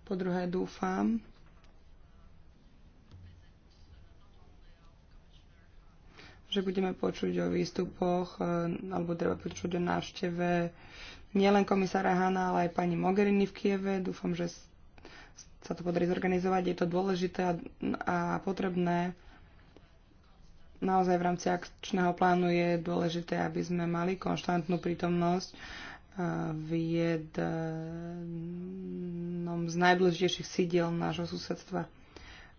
Po druhé dúfam, že budeme počuť o výstupoch, e, alebo treba počuť o návšteve nielen komisára Hanna, ale aj pani Mogherini v Kieve. Dúfam, že sa to podarí zorganizovať. Je to dôležité a, potrebné. Naozaj v rámci akčného plánu je dôležité, aby sme mali konštantnú prítomnosť e, v jednom z najdôležitejších sídiel nášho susedstva.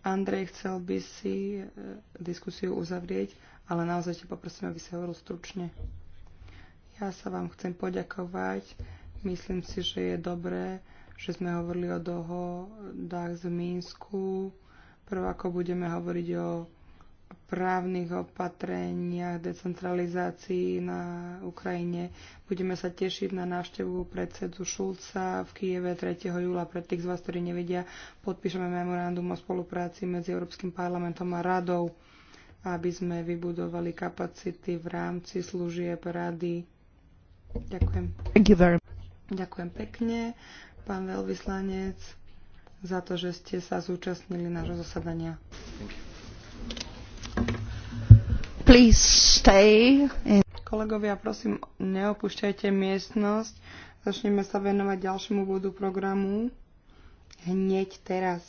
Andrej, chcel by si e, diskusiu uzavrieť ale naozaj te poprosím, aby si hovoril stručne. Ja sa vám chcem poďakovať. Myslím si, že je dobré, že sme hovorili o dohodách z Mínsku. Prvá, ako budeme hovoriť o právnych opatreniach, decentralizácii na Ukrajine. Budeme sa tešiť na návštevu predsedu Šulca v Kieve 3. júla. Pre tých z vás, ktorí nevedia, podpíšeme memorandum o spolupráci medzi Európskym parlamentom a radou aby sme vybudovali kapacity v rámci služieb rady. Ďakujem. Ďakujem pekne, pán veľvyslanec, za to, že ste sa zúčastnili nášho zasadania. Kolegovia, prosím, neopúšťajte miestnosť. Začneme sa venovať ďalšiemu bodu programu. Hneď teraz.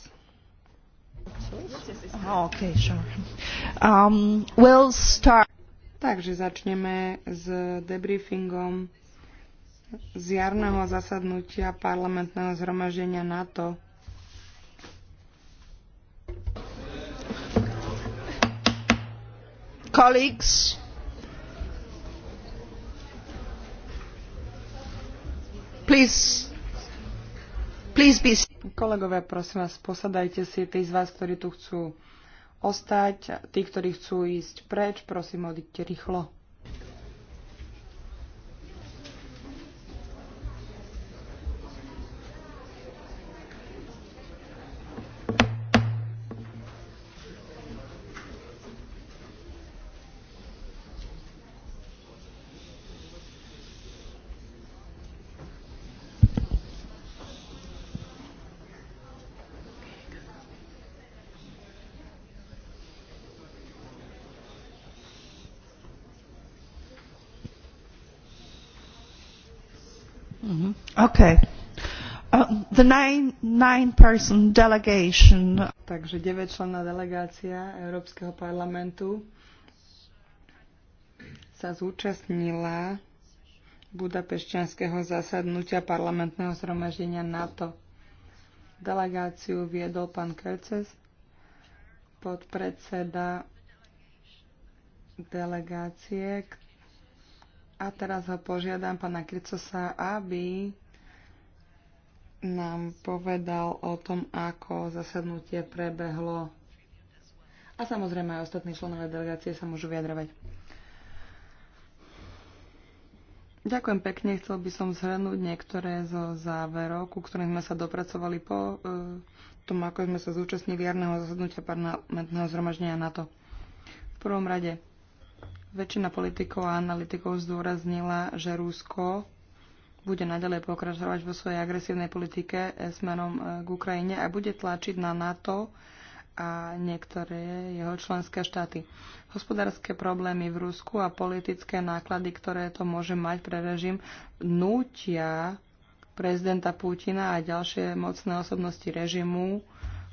Ah, okay, sure. um, we'll start... Takže začneme s debriefingom z jarného zasadnutia parlamentného zhromaženia NATO. Colleagues, please Kolegovia, prosím vás, posadajte si tí z vás, ktorí tu chcú ostať, tí, ktorí chcú ísť preč, prosím, odíďte rýchlo. Okay. Uh, the nine, nine person delegation. Takže 9 členná delegácia Európskeho parlamentu sa zúčastnila budapešťanského zasadnutia parlamentného zhromaždenia NATO. Delegáciu viedol pán Kerces, podpredseda delegácie. A teraz ho požiadam pána Kricosa, aby nám povedal o tom, ako zasadnutie prebehlo. A samozrejme aj ostatní členové delegácie sa môžu vyjadrovať. Ďakujem pekne. Chcel by som zhrnúť niektoré zo záverov, ku ktorým sme sa dopracovali po uh, tom, ako sme sa zúčastnili jarného zasadnutia parlamentného zhromaždenia NATO. V prvom rade väčšina politikov a analytikov zdôraznila, že Rusko bude naďalej pokračovať vo svojej agresívnej politike eh, smerom eh, k Ukrajine a bude tlačiť na NATO a niektoré jeho členské štáty. Hospodárske problémy v Rusku a politické náklady, ktoré to môže mať pre režim, nútia prezidenta Putina a ďalšie mocné osobnosti režimu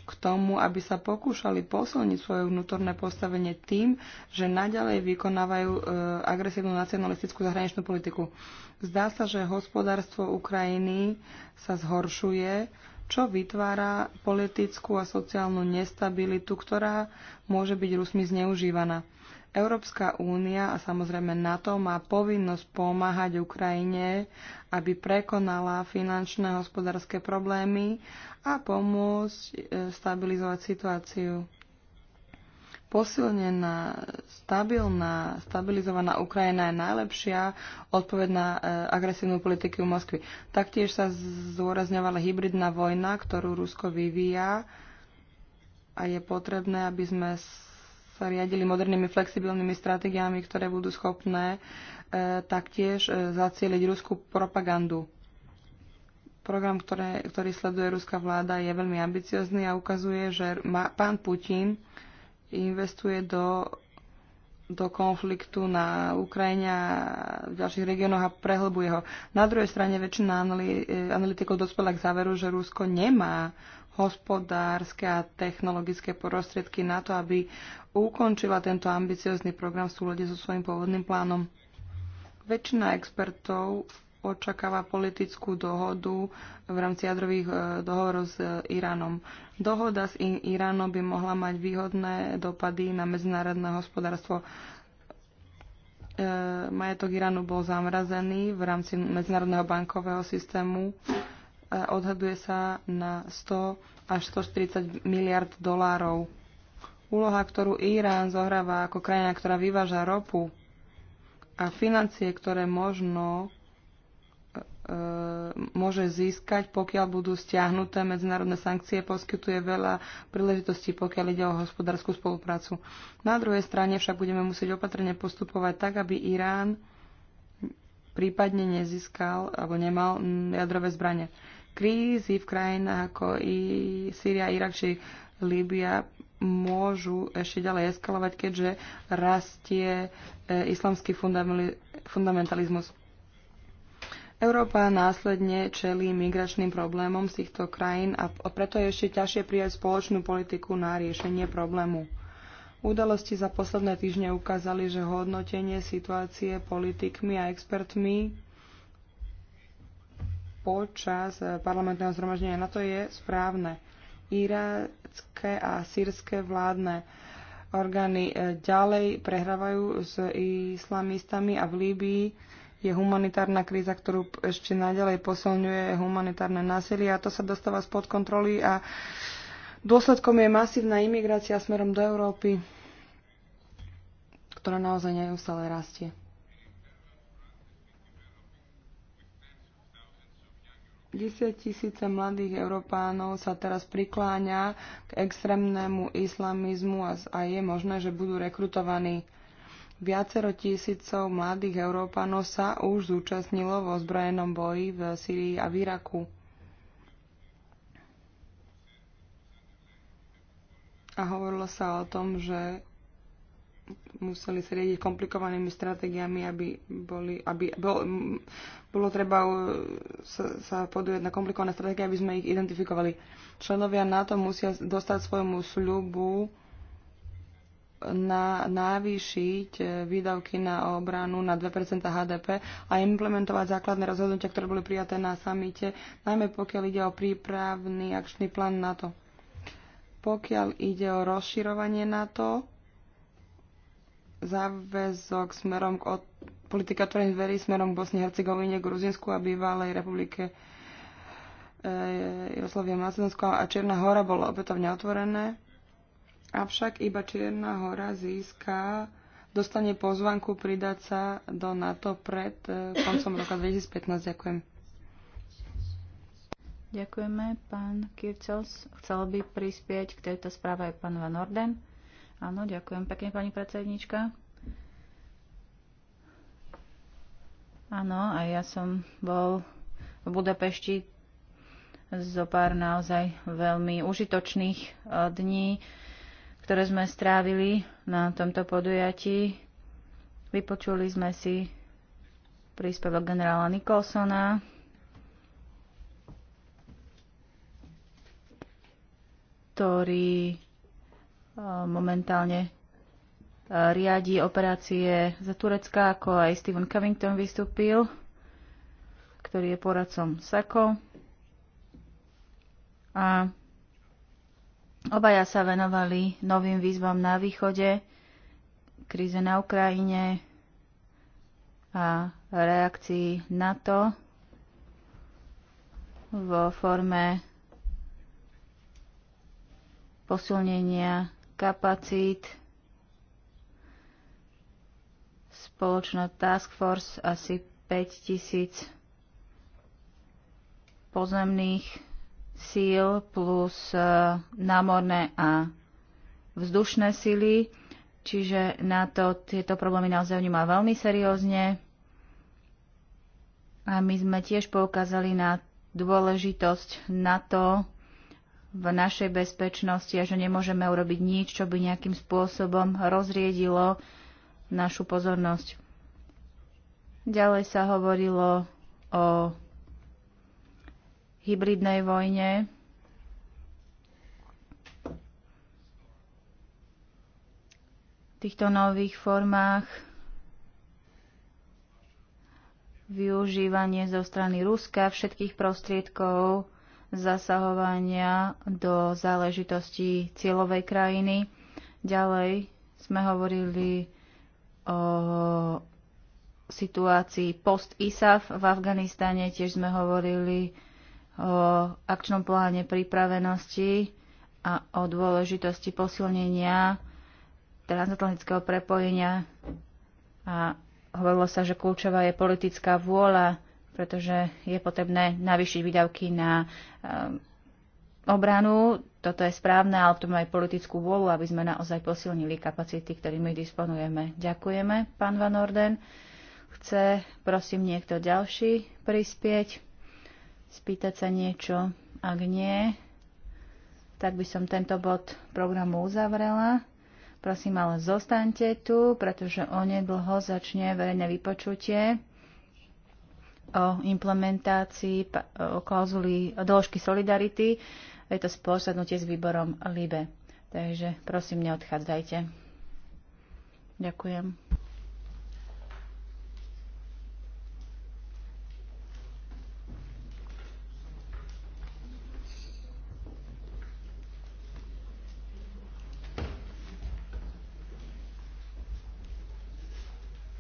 k tomu, aby sa pokúšali posilniť svoje vnútorné postavenie tým, že naďalej vykonávajú e, agresívnu nacionalistickú zahraničnú politiku. Zdá sa, že hospodárstvo Ukrajiny sa zhoršuje, čo vytvára politickú a sociálnu nestabilitu, ktorá môže byť Rusmi zneužívaná. Európska únia a samozrejme NATO má povinnosť pomáhať Ukrajine, aby prekonala finančné a hospodárske problémy a pomôcť e, stabilizovať situáciu. Posilnená, stabilná, stabilizovaná Ukrajina je najlepšia odpoveď na e, agresívnu politiku Moskvy. Taktiež sa zdôrazňovala hybridná vojna, ktorú Rusko vyvíja a je potrebné, aby sme sa riadili modernými flexibilnými stratégiami, ktoré budú schopné e, taktiež e, zacieliť ruskú propagandu. Program, ktoré, ktorý sleduje ruská vláda, je veľmi ambiciozný a ukazuje, že ma, pán Putin investuje do, do konfliktu na Ukrajine a v ďalších regiónoch a prehlbuje ho. Na druhej strane väčšina e, analytikov dospela k záveru, že Rusko nemá hospodárske a technologické prostriedky na to, aby ukončila tento ambiciozný program v súlade so svojím pôvodným plánom. Väčšina expertov očakáva politickú dohodu v rámci jadrových e, dohovorov s Iránom. Dohoda s Iránom by mohla mať výhodné dopady na medzinárodné hospodárstvo. E, majetok Iránu bol zamrazený v rámci medzinárodného bankového systému odhaduje sa na 100 až 140 miliard dolárov. Úloha, ktorú Irán zohráva ako krajina, ktorá vyváža ropu a financie, ktoré možno e, e, môže získať, pokiaľ budú stiahnuté medzinárodné sankcie, poskytuje veľa príležitostí, pokiaľ ide o hospodárskú spoluprácu. Na druhej strane však budeme musieť opatrne postupovať tak, aby Irán prípadne nezískal alebo nemal jadrové zbranie krízy v krajinách ako i Sýria, Irak či Líbia môžu ešte ďalej eskalovať, keďže rastie e, islamský fundamentalizmus. Európa následne čelí migračným problémom z týchto krajín a preto je ešte ťažšie prijať spoločnú politiku na riešenie problému. Udalosti za posledné týždne ukázali, že hodnotenie situácie politikmi a expertmi počas eh, parlamentného zhromaždenia. Na to je správne. Irácké a sírske vládne orgány eh, ďalej prehrávajú s islamistami a v Líbii je humanitárna kríza, ktorú ešte naďalej posilňuje humanitárne násilie a to sa dostáva spod kontroly a dôsledkom je masívna imigrácia smerom do Európy, ktorá naozaj neustále rastie. 10 tisíce mladých Európánov sa teraz prikláňa k extrémnemu islamizmu a, a je možné, že budú rekrutovaní. Viacero tisícov mladých Európanov sa už zúčastnilo v zbrojenom boji v Syrii a v Iraku. A hovorilo sa o tom, že museli sa riediť komplikovanými stratégiami, aby, boli, aby bol, bolo treba uh, sa, sa podujať na komplikované stratégie, aby sme ich identifikovali. Členovia NATO musia dostať svojmu sľubu na, navýšiť uh, výdavky na obranu na 2% HDP a implementovať základné rozhodnutia, ktoré boli prijaté na samite, najmä pokiaľ ide o prípravný akčný plán NATO. Pokiaľ ide o rozširovanie NATO, záväzok smerom k od, politika otvorených dverí smerom k Bosne, Hercegovine, Gruzinsku a bývalej republike e, Jugoslavia, Macedónsko a Čierna hora bolo opätovne otvorené. Avšak iba Čierna hora získa, dostane pozvanku pridať sa do NATO pred e, koncom roka 2015. Ďakujem. Ďakujeme, pán Kircels. Chcel by prispieť k tejto správe aj pán Van Orden. Áno, ďakujem pekne, pani predsednička. Áno, a ja som bol v Budapešti zo pár naozaj veľmi užitočných e, dní, ktoré sme strávili na tomto podujatí. Vypočuli sme si príspevok generála Nikolsona, ktorý momentálne e, riadi operácie za Turecka, ako aj Stephen Covington vystúpil, ktorý je poradcom SACO. A obaja sa venovali novým výzvam na východe, kríze na Ukrajine a reakcii NATO vo forme posilnenia kapacít. Spoločná task force asi 5000 pozemných síl plus e, námorné a vzdušné síly. Čiže na to tieto problémy naozaj vnímá veľmi seriózne. A my sme tiež poukázali na dôležitosť na to, v našej bezpečnosti a že nemôžeme urobiť nič, čo by nejakým spôsobom rozriedilo našu pozornosť. Ďalej sa hovorilo o hybridnej vojne. V týchto nových formách využívanie zo strany Ruska všetkých prostriedkov, zasahovania do záležitostí cieľovej krajiny. Ďalej sme hovorili o situácii post-ISAF v Afganistane, tiež sme hovorili o akčnom pláne pripravenosti a o dôležitosti posilnenia transatlantického prepojenia a hovorilo sa, že kľúčová je politická vôľa pretože je potrebné navýšiť výdavky na eh, obranu. Toto je správne, ale to má aj politickú vôľu, aby sme naozaj posilnili kapacity, ktorými disponujeme. Ďakujeme, pán Van Orden. Chce, prosím, niekto ďalší prispieť, spýtať sa niečo. Ak nie, tak by som tento bod programu uzavrela. Prosím, ale zostaňte tu, pretože onedlho začne verejné vypočutie o implementácii o o doložky Solidarity. Je to spôsobnutie s výborom LIBE. Takže prosím, neodchádzajte. Ďakujem.